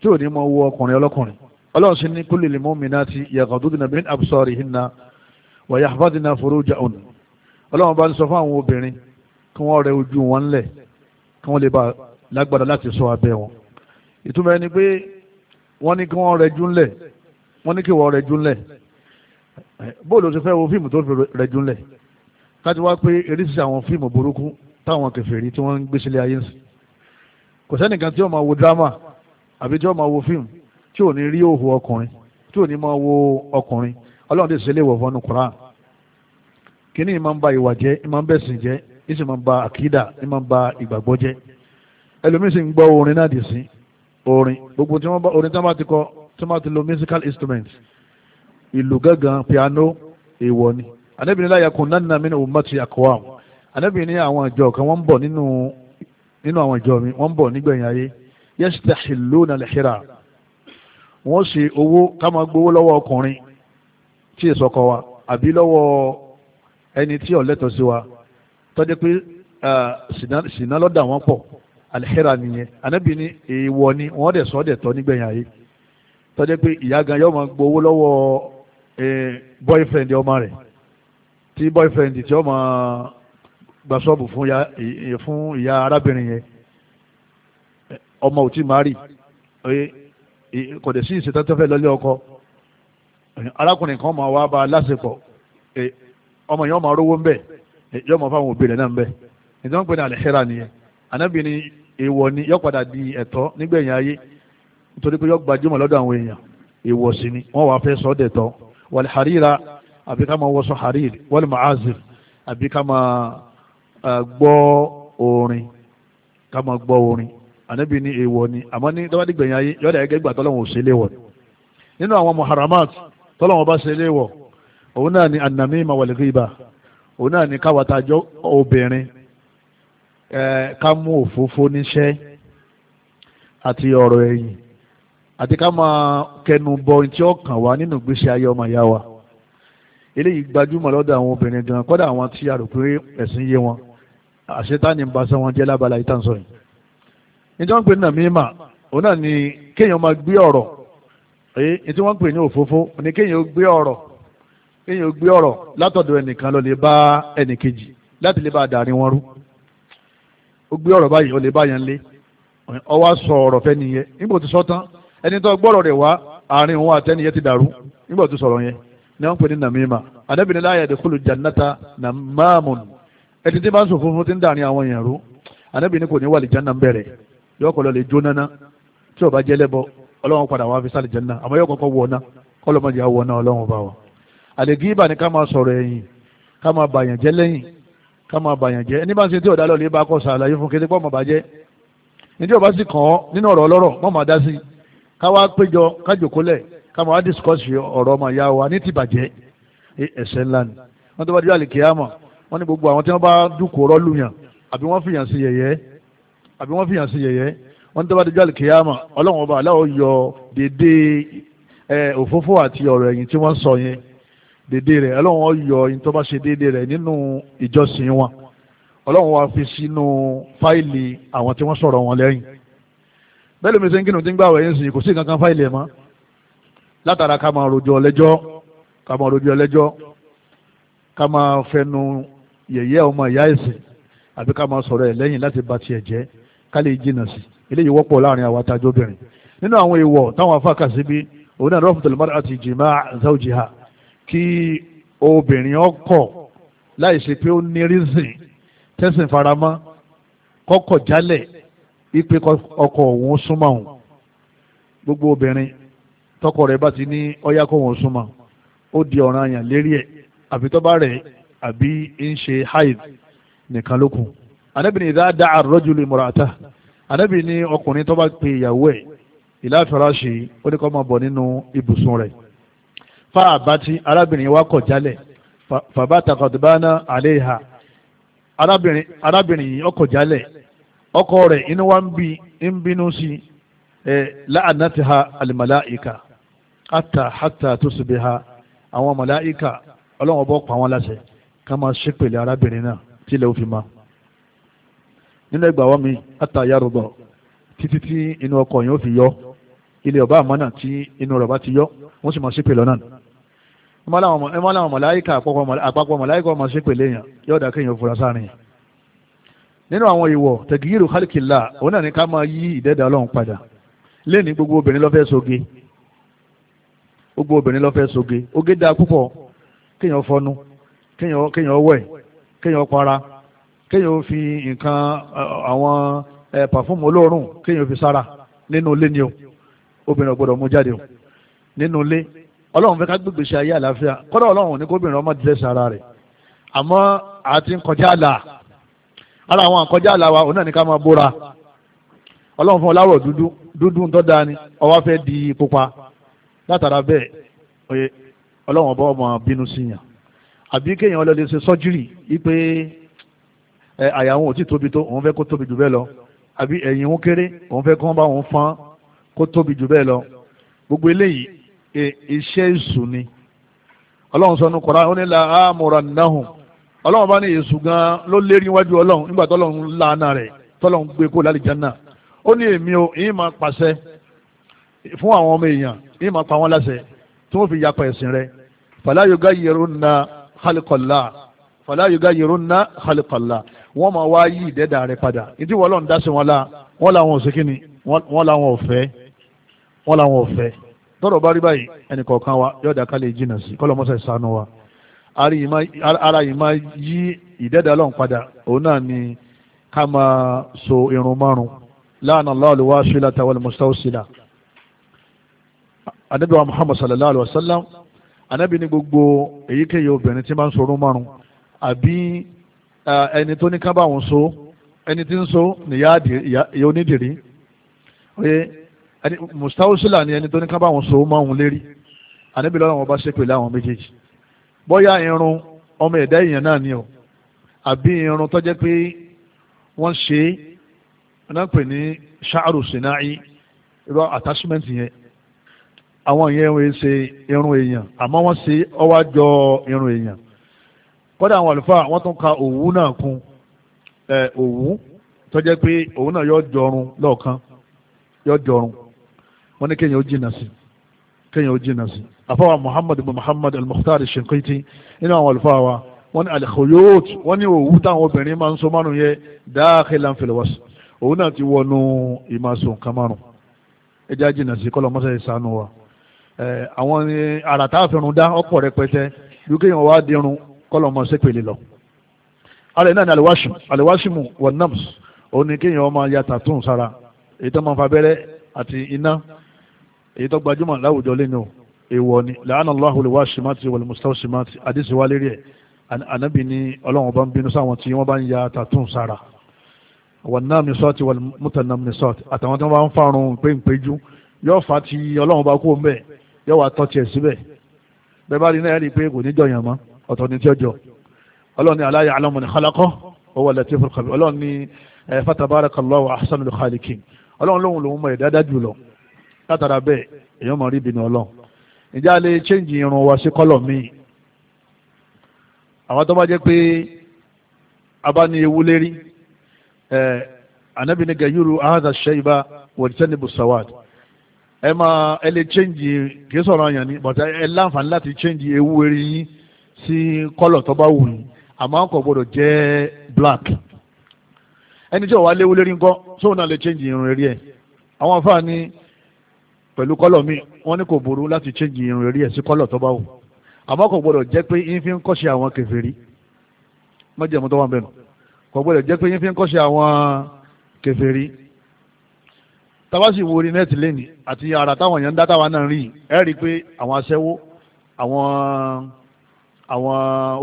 tí ò ní máa wo ọkùnrin ọlọ́kùnrin ọlọ́run sì ní kulli lil mu'minati yaghdudna min absarihinna wa yahfadna furujahunna ọlọ́run bá ń sọ fún àwọn obìnrin kí wọ́n rẹ ojú wọn ńlẹ̀ kí wọ́n lè bá lágbára láti ṣọ́ abẹ́ wọn ìtumọ̀ ẹni pé wọ́n ní kí wọ́n rẹ jú ńlẹ̀ wọ́n ní kí wọ́n rẹ jú ńlẹ̀ bóòlù ti fẹ́ wo fíìmù tó fi rẹ jú ńlẹ̀ káti wá pé eréṣiṣẹ́ àwọn fíìmù burúkú táwọn kèfèrí tí wọ́n ń gbé sílé ayé ń kò sẹ́nìkan tí ó máa wo drama àbí tí ó máa wo fíìmù tí ò ní rí òhù ọkùnrin tí ò ní máa wo ọkùnrin ọlọ́run ti ṣe léèwọ̀ fọ́nù Kùránì Kini ìmọ̀ ń ba ìwà jẹ́ ìmọ̀ ń bẹ̀sìn jẹ́ ìsì máa ń ba àkídà ìmọ̀ ń ba ìgbàgbọ́ jẹ́ ẹlòmíín sì ń gbọ́ orin náà dì sí orin gbogbo tí wọ́n bá orin tí wọ́n bá ti kọ tí wọ́n bá ti lo musical instruments ìlú gángan piano èèwọ̀ ni Ànábì ní la yakunanna min ummati aqwam Ànábì ní àwọn ìjọ kan wọ́n ń bọ̀ nínú nínú àwọn ìjọ mi wọ́n ń bọ̀ nígbẹ̀yìn ayé yastahilluna al-hira wọ́n ṣe owó ká gbowó lọ́wọ́ ọkùnrin tí èso kọ wa àbí lọ́wọ́ ẹni tí ọ̀lẹ́tọ̀ sí wa tọ́jẹ́ pé ṣìnà lọ́dà wọn pọ̀ alihira nìyẹn anabi ni èèwọ̀ ni wọ́n dẹ̀ sọ́ dẹ̀ tọ́ nígbẹ̀yìn ayé tọ́jẹ́ pé ìyá gan yóò máa gbowó lọ́wọ́ boyfriend ọmọ rẹ̀ tí boyfriend tí ó máa gba sọ́ọ̀bù fún ìyá arábìnrin yẹn ọmọ ò tí máa rì kò dẹ̀ sí ìṣètọ́tọ́fẹ́ lọ́lé ọkọ arákùnrin kan máa wá bá a lásìkò ọmọ yẹn ọmọ arówó ń bẹ yọọ mọ fáwọn òbí rẹ náà ń bẹ ìjọba ń ní àlẹ́hẹ́rà nìyẹn ànábì ni èèwọ̀ ni yọ padà di ẹ̀tọ́ nígbẹ̀yìn ayé nítorí pé yọ gbajúmọ̀ lọ́dọ̀ àwọn èèyàn èèwọ̀ sí ni wọ́n wàá fẹ́ sọ ọ́ dẹ̀tọ́ wàlẹ̀ harira àbí ká máa wọṣọ harir wàlẹ̀ maazir àbí ká máa gbọ́ orin ká máa gbọ́ orin ànábì ni èèwọ̀ ni àmọ́ ní tọ́wádìí gbẹ̀yìn ayé yọ̀dà ẹgẹ́ gbà tọ́lọ́wọ̀n ò muharamat tọ́lọ́wọ̀n bá sí òun náà ni anamima wàlẹ́gìbà òun náà ni káwàtàjọ obìnrin ká mú òfófó níṣẹ́ àti ọ̀rọ̀ ẹ̀yìn àti ká máa kẹnu bọ tí ó kàn wá nínú ìgbésí ayé ọmọ ìyá wa eléyìí gbajúmọ̀ lọ́dọ̀ àwọn obìnrin gan kọ́dà àwọn tí a rò yé wọn àṣetáni ń baṣẹ́ wọn jẹ́ lábala ìtànsọ yìí níjọ́ ń pè ní nàmímà òun náà ni kéèyàn máa gbé ọ̀rọ̀ èyí tí wọ́n pè ní òfófó ni kéèyàn gbé ọ̀rọ̀ kéèyàn gbé ọ̀rọ̀ látọ̀dọ̀ ẹnìkan lọ lè bá ẹnìkejì láti lè bá dàrin wọn rú ó gbé ọ̀rọ̀ báyìí ó lè bá yẹn lé ó wá sọ ọ̀rọ̀ fẹ́ nìyẹn nígbà tó sọ tán ẹni tó gbọ́rọ̀ rẹ̀ wá àárín òun ti dàrú nígbà tó sọ̀rọ̀ yẹn ni wọ́n pè ní nàmímà àdẹ́bìnrin láàyè àdìkúlù jannata ẹni tí bá funfun ti ni lọ ọlọ́run padà wá fi àmọ́ àlègíbà ni ká máa sọ̀rọ̀ ẹ̀yìn ká máa bàyàn jẹ́ lẹ́yìn ká máa bàyàn jẹ́ ẹni bá ń ṣe tí ọ̀dà lọ́ọ̀lẹ́ bá kọ́ sàlàyé fún kété pọ́ mọ̀ bàjẹ́ ní tí ọba sì kàn ọ́ nínú ọ̀rọ̀ ọlọ́rọ̀ mọ̀ máa dá sí i ká wá péjọ ká jòkólẹ̀ ká máa wá discourse ọ̀rọ̀ ọmọ ìyá wa ní ti bàjẹ́ ẹ̀ṣẹ̀ ńlá ni wọ́n tó bá dé àlìkíyàmọ̀ wọ́n ní gbogbo àwọn tí wọ́n bá dúkòó rọ́lùyàn àbí wọ́n fìyàn sí yẹ̀yẹ́ àbí wọ́n fìyàn sí yẹ̀yẹ́ wọ́n tó bá dojú àlìkèyàmà ọlọ́run ọba aláwọ̀ yọ dédé òfófó àti ọ̀rọ̀ ẹ̀yìn tí wọ́n sọ yẹn dédé rẹ̀ ọlọ́run ó yọ ohun tó bá ṣe dédé rẹ̀ nínú ìjọsìn wọn ọlọ́run wá fi sínú fáìlì àwọn tí wọ́n sọ̀rọ̀ wọn lẹ́yìn bẹ́ẹ̀ lómi ṣe ń kírun tí ń gbà wẹ̀ yín sìn kò sí nǹkan kan fáìlì ẹ̀ mọ́ látara ká máa rojọ́ ọlẹ́jọ́ ká máa rojọ́ ọlẹ́jọ́ ká máa fẹnu yẹ̀yẹ́ ọmọ ìyá ẹ̀sìn àbí ká máa sọ̀rọ̀ ẹ̀ lẹ́yìn láti ba tiẹ̀ jẹ́ ká lè jìnnà sí eléyìí wọ́pọ̀ láàrin àwọn atajọ́bìnrin nínú àwọn èèwọ̀ táwọn afáàkà síbi òun náà rọ́ọ̀fù kí obìnrin ọkọ̀ láì ṣe pé ó ní rízìn tẹ́sìn faramọ́ kọ́kọ̀ jálẹ̀ ipe ọkọ òun súnmọ́ òun gbogbo obìnrin tọkọ rẹ̀ bá ti ní ọyá kó òun súnmọ́ ó di ọ̀ràn àyàn lérí ẹ̀ àbí tọ́ bá rẹ̀ àbí ń ṣe haid nìkan ló kù Ànábì ní idha da'a ar-rajulu imra'atahu ọkùnrin tó pe ìyàwó ẹ̀ ila firashi ó ní kó máa bọ̀ nínú ibùsùn rẹ̀ fáàbátí arábìnrin wa kọ̀ jálẹ̀ àléhà arábìnrin yìí ọkọ̀ jálẹ̀ ọkọ rẹ̀ inú wa ń bínú sí láàánátì ha alìmàláìka hátà hátà tó ha àwọn màláìka ọlọ́wọ́n bọ́ pa wọn láṣẹ ká máa ṣépèlé arábìnrin náà òfin ma nínú mi yàrùbọ̀ títí tí inú yẹn ó fi yọ ilé ọba ti yọ wọ́n sì máa náà ìmọ̀láwọn mọ̀láyíkà àpapọ̀ mọ̀láyíkà ọmọ sí pèlè yàn yóò dá kéèyàn fura sáárín yàn nínú àwọn ìwọ̀ tẹ̀gìyìrù kálíkìlá òun náà ní ká máa yí ìdẹ́dà ọlọ́run padà lẹ́ni gbogbo obìnrin lọ́fẹ́ soge gbogbo obìnrin lọ́fẹ́ soge oge dáa púpọ̀ kéèyàn fọnu kéèyàn wẹ̀ kéèyàn para kéèyàn fi nǹkan àwọn pàfúmù olóòórùn kéèyàn fi sára nínú ilé ni o obìnrin ò mú jáde o nínú ilé ọlọ́run fẹ́ ká gbé gbèsè ayé àlàáfíà kọ́dọ̀ ọlọ́run ní kóbìnrin ọmọ dílé sára rẹ̀ àmọ́ àti nkọjá àlà ara àwọn àkọjá àlà wa òun náà ní ká máa bóra ọlọ́run fún ọláwọ̀ dúdú dúdú tó dáa ni ọwọ́ fẹ́ di pupa látara bẹ́ẹ̀ oye ọlọ́run ọba ọmọ bínú sí yàn àbí kéèyàn ọlọ́dẹ ṣe sọ́jírì wípé àyà òun ò tí tóbi tó òun fẹ́ kó tóbi jù bẹ́ẹ̀ lọ àbí ẹ̀yìn òun kéré òun fẹ́ kó bá òun fán kó tóbi jù bẹ́ẹ̀ lọ gbogbo eléyìí iṣẹ́ èṣù ni ọlọ́run sọ ní Kùránì ó ní la ọlọ́run bá ní èṣù gan ló lérí wájú ọlọ́run nígbà tọ́lọ́run lánàá rẹ̀ tọ́lọ́run gbé kó lálìjánná ó ní èmi o èyí máa pàṣẹ fún àwọn ọmọ èèyàn èyí máa pa wọ́n tí wọ́n fi yapa ẹ̀sìn rẹ̀ fala wọ́n máa wá yí ìdẹ́dà rẹ̀ padà ìdí wọ́n lọ́n dá sí wọn lá wọ́n làwọn ò sí kíni wọ́n làwọn ò fẹ́ wọ́n làwọn tọ́rọ̀ bá rí báyìí ẹnì kọ̀ọ̀kan wa yọ̀dà ká lè jìnnà sí kọ́lọ́ mọ́sẹ̀ sànú wa ara yìí máa yí ìdẹ́dà ọlọ́run padà òun náà ni ká máa so irun márùn láàánà lọ́ọ̀lùwà ṣílá tàwọn mustawsila anábì wa muhammad sallallahu alaihi wa sallam anábì ní gbogbo èyíkéyìí obìnrin tí máa ń sorun márùn àbí ẹni tó ní ká bá wọn so ẹni tí ń so nìyá onídìrí mùsítáwùsílà ni ẹni tó ní ká bá wọn so lérí ànábì lọ́wọ́ wọn bá ṣépè láwọn méjèèjì bóyá irun ọmọ ẹ̀dá èèyàn náà ni o àbí irun tó jẹ́ pé wọ́n ṣe é náà pè ní ṣáàrù sinai irọ́ attachment yẹn àwọn yẹn wọ́n ṣe irun èèyàn àmọ́ wọ́n ṣe ọwá jọ irun èèyàn kódà àwọn àlùfáà wọ́n tún ka òwú náà kún òwú tó jẹ́ pé òwú náà yọ jọrun lọ́ọ̀kan yọ jọrun wọ́n ní kéèyàn ó jìnnà sí kéèyàn ó jìnnà sí àfọwà muhammad bin muhammad al-mukhtar al-shinqiti nínú àwọn àlùfáà wa wọ́n ní al-khuyut wọ́n ní òwú táwọn obìnrin máa ń so márùn yẹ dakhilan fil wasf òun náà ti wọnú ìmàsùn nǹkan márùn ẹjẹ́ àjìnà sí kọ́lọ̀ mọ́sẹ̀ ìsànú wa àwọn àrà tá a fẹ́ràn dá ọ̀pọ̀ rẹpẹtẹ bí kéèyàn wá dirun kọ́lọ̀ mọ́sẹ̀ pèlè lọ. alẹ́ náà ni aliwáṣu aliwáṣimu wọnàms òun ni kéèyàn máa ya tàtún sára èyí tó máa fa abẹ́rẹ́ àti iná èyí tó gbajúmọ̀ láwùjọ lẹ́nu èèwọ̀ ni làánà Allahu lè wá ṣìmáàtì wal mustawṣimat àdìsí wa lérí ẹ̀ ànábì ní ọlọ́run bá ń bínú sáwọn tí wọ́n bá ń ya tàtún sára wal nāmisāti wal mutanammisāti àtàwọn tí wọ́n bá ń fárun péńpéjú yóò fa ti ọlọ́run bá kú mbẹ́ yóò wá tọ́tì ẹ̀ síbẹ̀ bẹ́ẹ̀ bá rí náà rí i pé kò ní jọyàn mọ́ ọ̀tọ̀ ní tí ó ọlọ́run ní alā ya'lamu látara bẹ́ẹ̀ èèyàn máa rí ìbínú ọlọ́run ìjà lè change irun wa sí kọ́lọ̀ míì àwọn tó bá jẹ́ pé a ewu lérí anabi ni gayuru ahada shayba wọ̀dìtẹ́ni busawad ẹ máa ẹ lè change kì í sọ̀rọ̀ àyàn ni bàtà ẹ láǹfààní láti change ewu eré yín sí kọ́lọ̀ tó bá wù yín àmọ́ kò ẹni tí ò wá léwu lérí náà lè irun eré pẹ̀lú kọ́lọ̀ mi wọ́n ní kò burú láti change irun rí ẹ̀ sí kọ́lọ̀ tó bá wù àmọ́ kò gbọ́dọ̀ jẹ́ pé yín fi ń kọ́ṣe àwọn kèfèrí mọ́jẹ̀mú tó wà bẹ̀rù kò gbọ́dọ̀ jẹ́ pé yín fi ń kọ́ṣe àwọn kèfèrí tabasi wo orí nẹ́ẹ̀tì lẹ́nì àti ara táwọn èèyàn ń dá táwa náà rí ẹ rí i pé àwọn aṣẹ́wó àwọn àwọn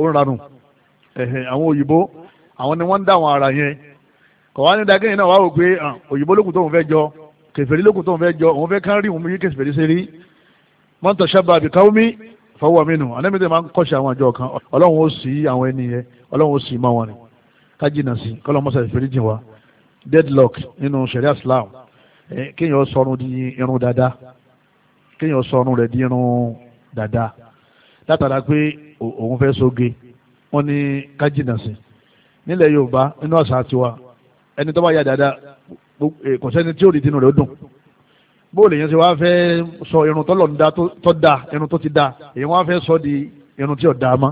òǹranù àwọn òyìnbó àwọn ni wọ́n ń dá àwọn ara yẹn kò ní dagẹ́yìn náà wá wò pé ah, òyìnbó lókùn tóun fẹ́ jọ kèfèrí lókùn tó ń fẹ́ jọ òun fẹ́ kán rí òun yí kèfèrí ṣe rí man tashabbaha bi qawmin fahuwa minhum anẹ́mìtẹ́ máa ń kọ́ṣe àwọn àjọ kan ọlọ́run ó sì àwọn ẹni yẹn ọlọ́run ó sì mọ́ wọn ni ká jìnnà sí kọ́lọ́ mọ́sá ìfẹ́rí jìn wá deadlock nínú sharia Islam kéèyàn sọrun di irun dada kéèyàn sọrun rẹ̀ di irun dada látara pé òun fẹ́ sóge wọ́n ní ká jìnnà sí nílẹ̀ Yorùbá nínú àṣà tiwa ẹni tó ya dáadáa eh, kò sẹ́ni tí ó rí tinú rẹ̀ ó dùn bóòlù èèyàn ṣe wá fẹ́ sọ irun tọ́lọ̀ ń tó da irun tó ti da èèyàn fẹ́ sọ di irun tí ò da ma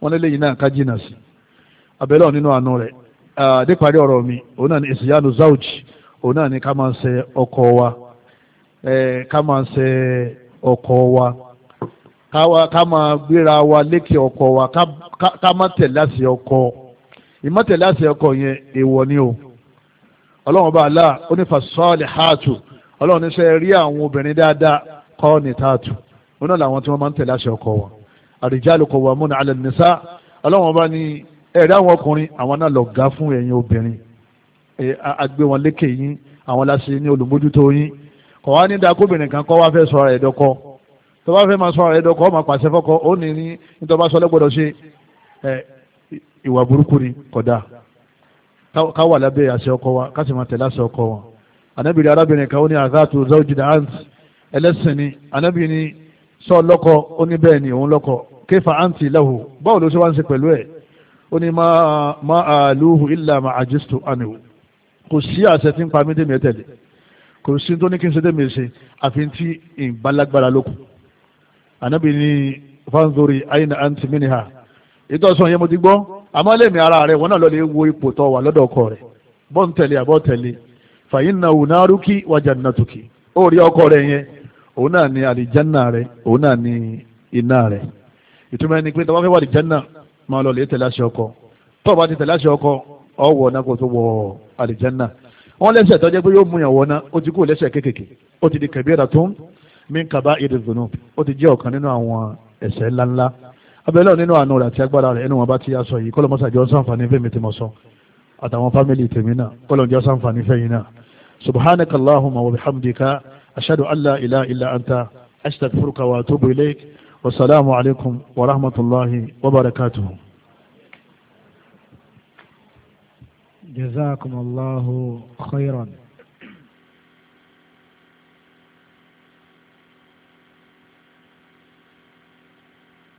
wọn lélẹ́yìí náà ká jìnnà sí abẹ́lẹ́ nínú àánú rẹ̀ àdéparí ọ̀rọ̀ mi òun náà ni ìsìyánu zauj òun náà ni ká máa ṣe ọkọ wa ká máa ṣe ọkọ wa ká máa gbéra ọkọ ìmọ̀tẹ̀lẹ́ àti ọkọ̀ yẹn èèwọ̀ ni o ọlọ́run bá aláà ó ní fasọ́ọ̀lì háàtù ọlọ́run níṣẹ́ rí àwọn obìnrin dáadáa kọ́ ní táàtù wọn náà làwọn tí wọ́n máa ń tẹ̀lé àṣẹ ọkọ wọn àrìjálù kọ̀ wà múna alẹ́ nìṣá ọlọ́run bá ní ẹ̀rí àwọn ọkùnrin àwọn náà lọ ga fún ẹ̀yin obìnrin àgbé wọn lékè yín àwọn láṣẹ ní olùmójútó yín kọ̀ wá ní dakóbìnrin kan kọ́ wá fẹ́ sọ ara ẹ̀ dọ́kọ́ tó bá fẹ́ máa sọ ara ẹ̀ dọ́kọ́ ó máa pàṣẹ fọ́kọ́ ó ní ní nítorí bá sọ lẹ́gbọ́dọ̀ ṣe ìwà burúkú ni kódà ká wà lábẹ́ àṣẹ ọkọ wa ká sì máa tẹ̀lé àṣẹ ọkọ wa anábìrì arábìnrin kan ó ní àgáàtò zaujida ant ẹlẹ́sìn ni anábìrì ni sọ lọ́kọ ó ní bẹ́ẹ̀ ni òun lọ́kọ kéfà àǹtì lahu báwo ló ṣe wá ń ṣe pẹ̀lú ẹ̀ ó ní má àlùhù illa ma àjẹsítò àníwò kò sí àṣẹ tí ń pa mí dèmi ẹ̀tẹ̀lẹ̀ kò sí tó ní kí n ṣe dèmi ṣe àfi tí ìbálágbára lókun anábìrì ni fanzori aina àǹtì mínìhà ìtọ́sọ̀ yẹn mo ti gbọ́ àmọ́ lèmi ara rẹ̀ wọ́n náà lọ́lẹ̀ wo ipò tọ́ wà lọ́dọ̀ ọkọ rẹ̀ bọ́ ń tẹ̀lé àbọ̀ tẹ̀lé fàyín na òun náà rúkì wa jannatuki ó rí ọkọ rẹ̀ yẹn òun náà ni àlìjánná rẹ̀ òun náà ni iná rẹ̀ ìtumọ̀ ẹni pé tọ́wọ́ fẹ́ wà àlìjánná máa lọ lè tẹ̀lé àṣẹ ọkọ tọ́ bá ti tẹ̀lé àṣẹ ọkọ ọwọ́ náà kò tó wọ àlìjánná wọ́n lẹ́sẹ̀ tọ́jẹ́ pé yóò mú yàn wọ́n náà ó ti kú lẹ́sẹ̀ kéékèèké ó ti di kabiratun min kaba'iri dhunub ó ti jẹ́ ọ̀kan nínú àwọn ẹ̀ṣẹ̀ ńláńlá abẹ́lẹ́ nínú àánú rẹ̀ àti agbára rẹ̀ ẹnu wọn bá ti yá sọ yìí kọ́lọ́ mọ́sá jọ sáǹfààní fẹ́mi tí mo sọ àtàwọn fámìlì tèmi náà kọ́lọ́ jọ sáǹfààní fẹ́yìn náà subhanaka allahumma wa bihamdika ashhadu an la ilaha illa anta astaghfiruka wa atubu ilayk wa alaykum wa rahmatullahi wa barakatuh jazakumullahu khairan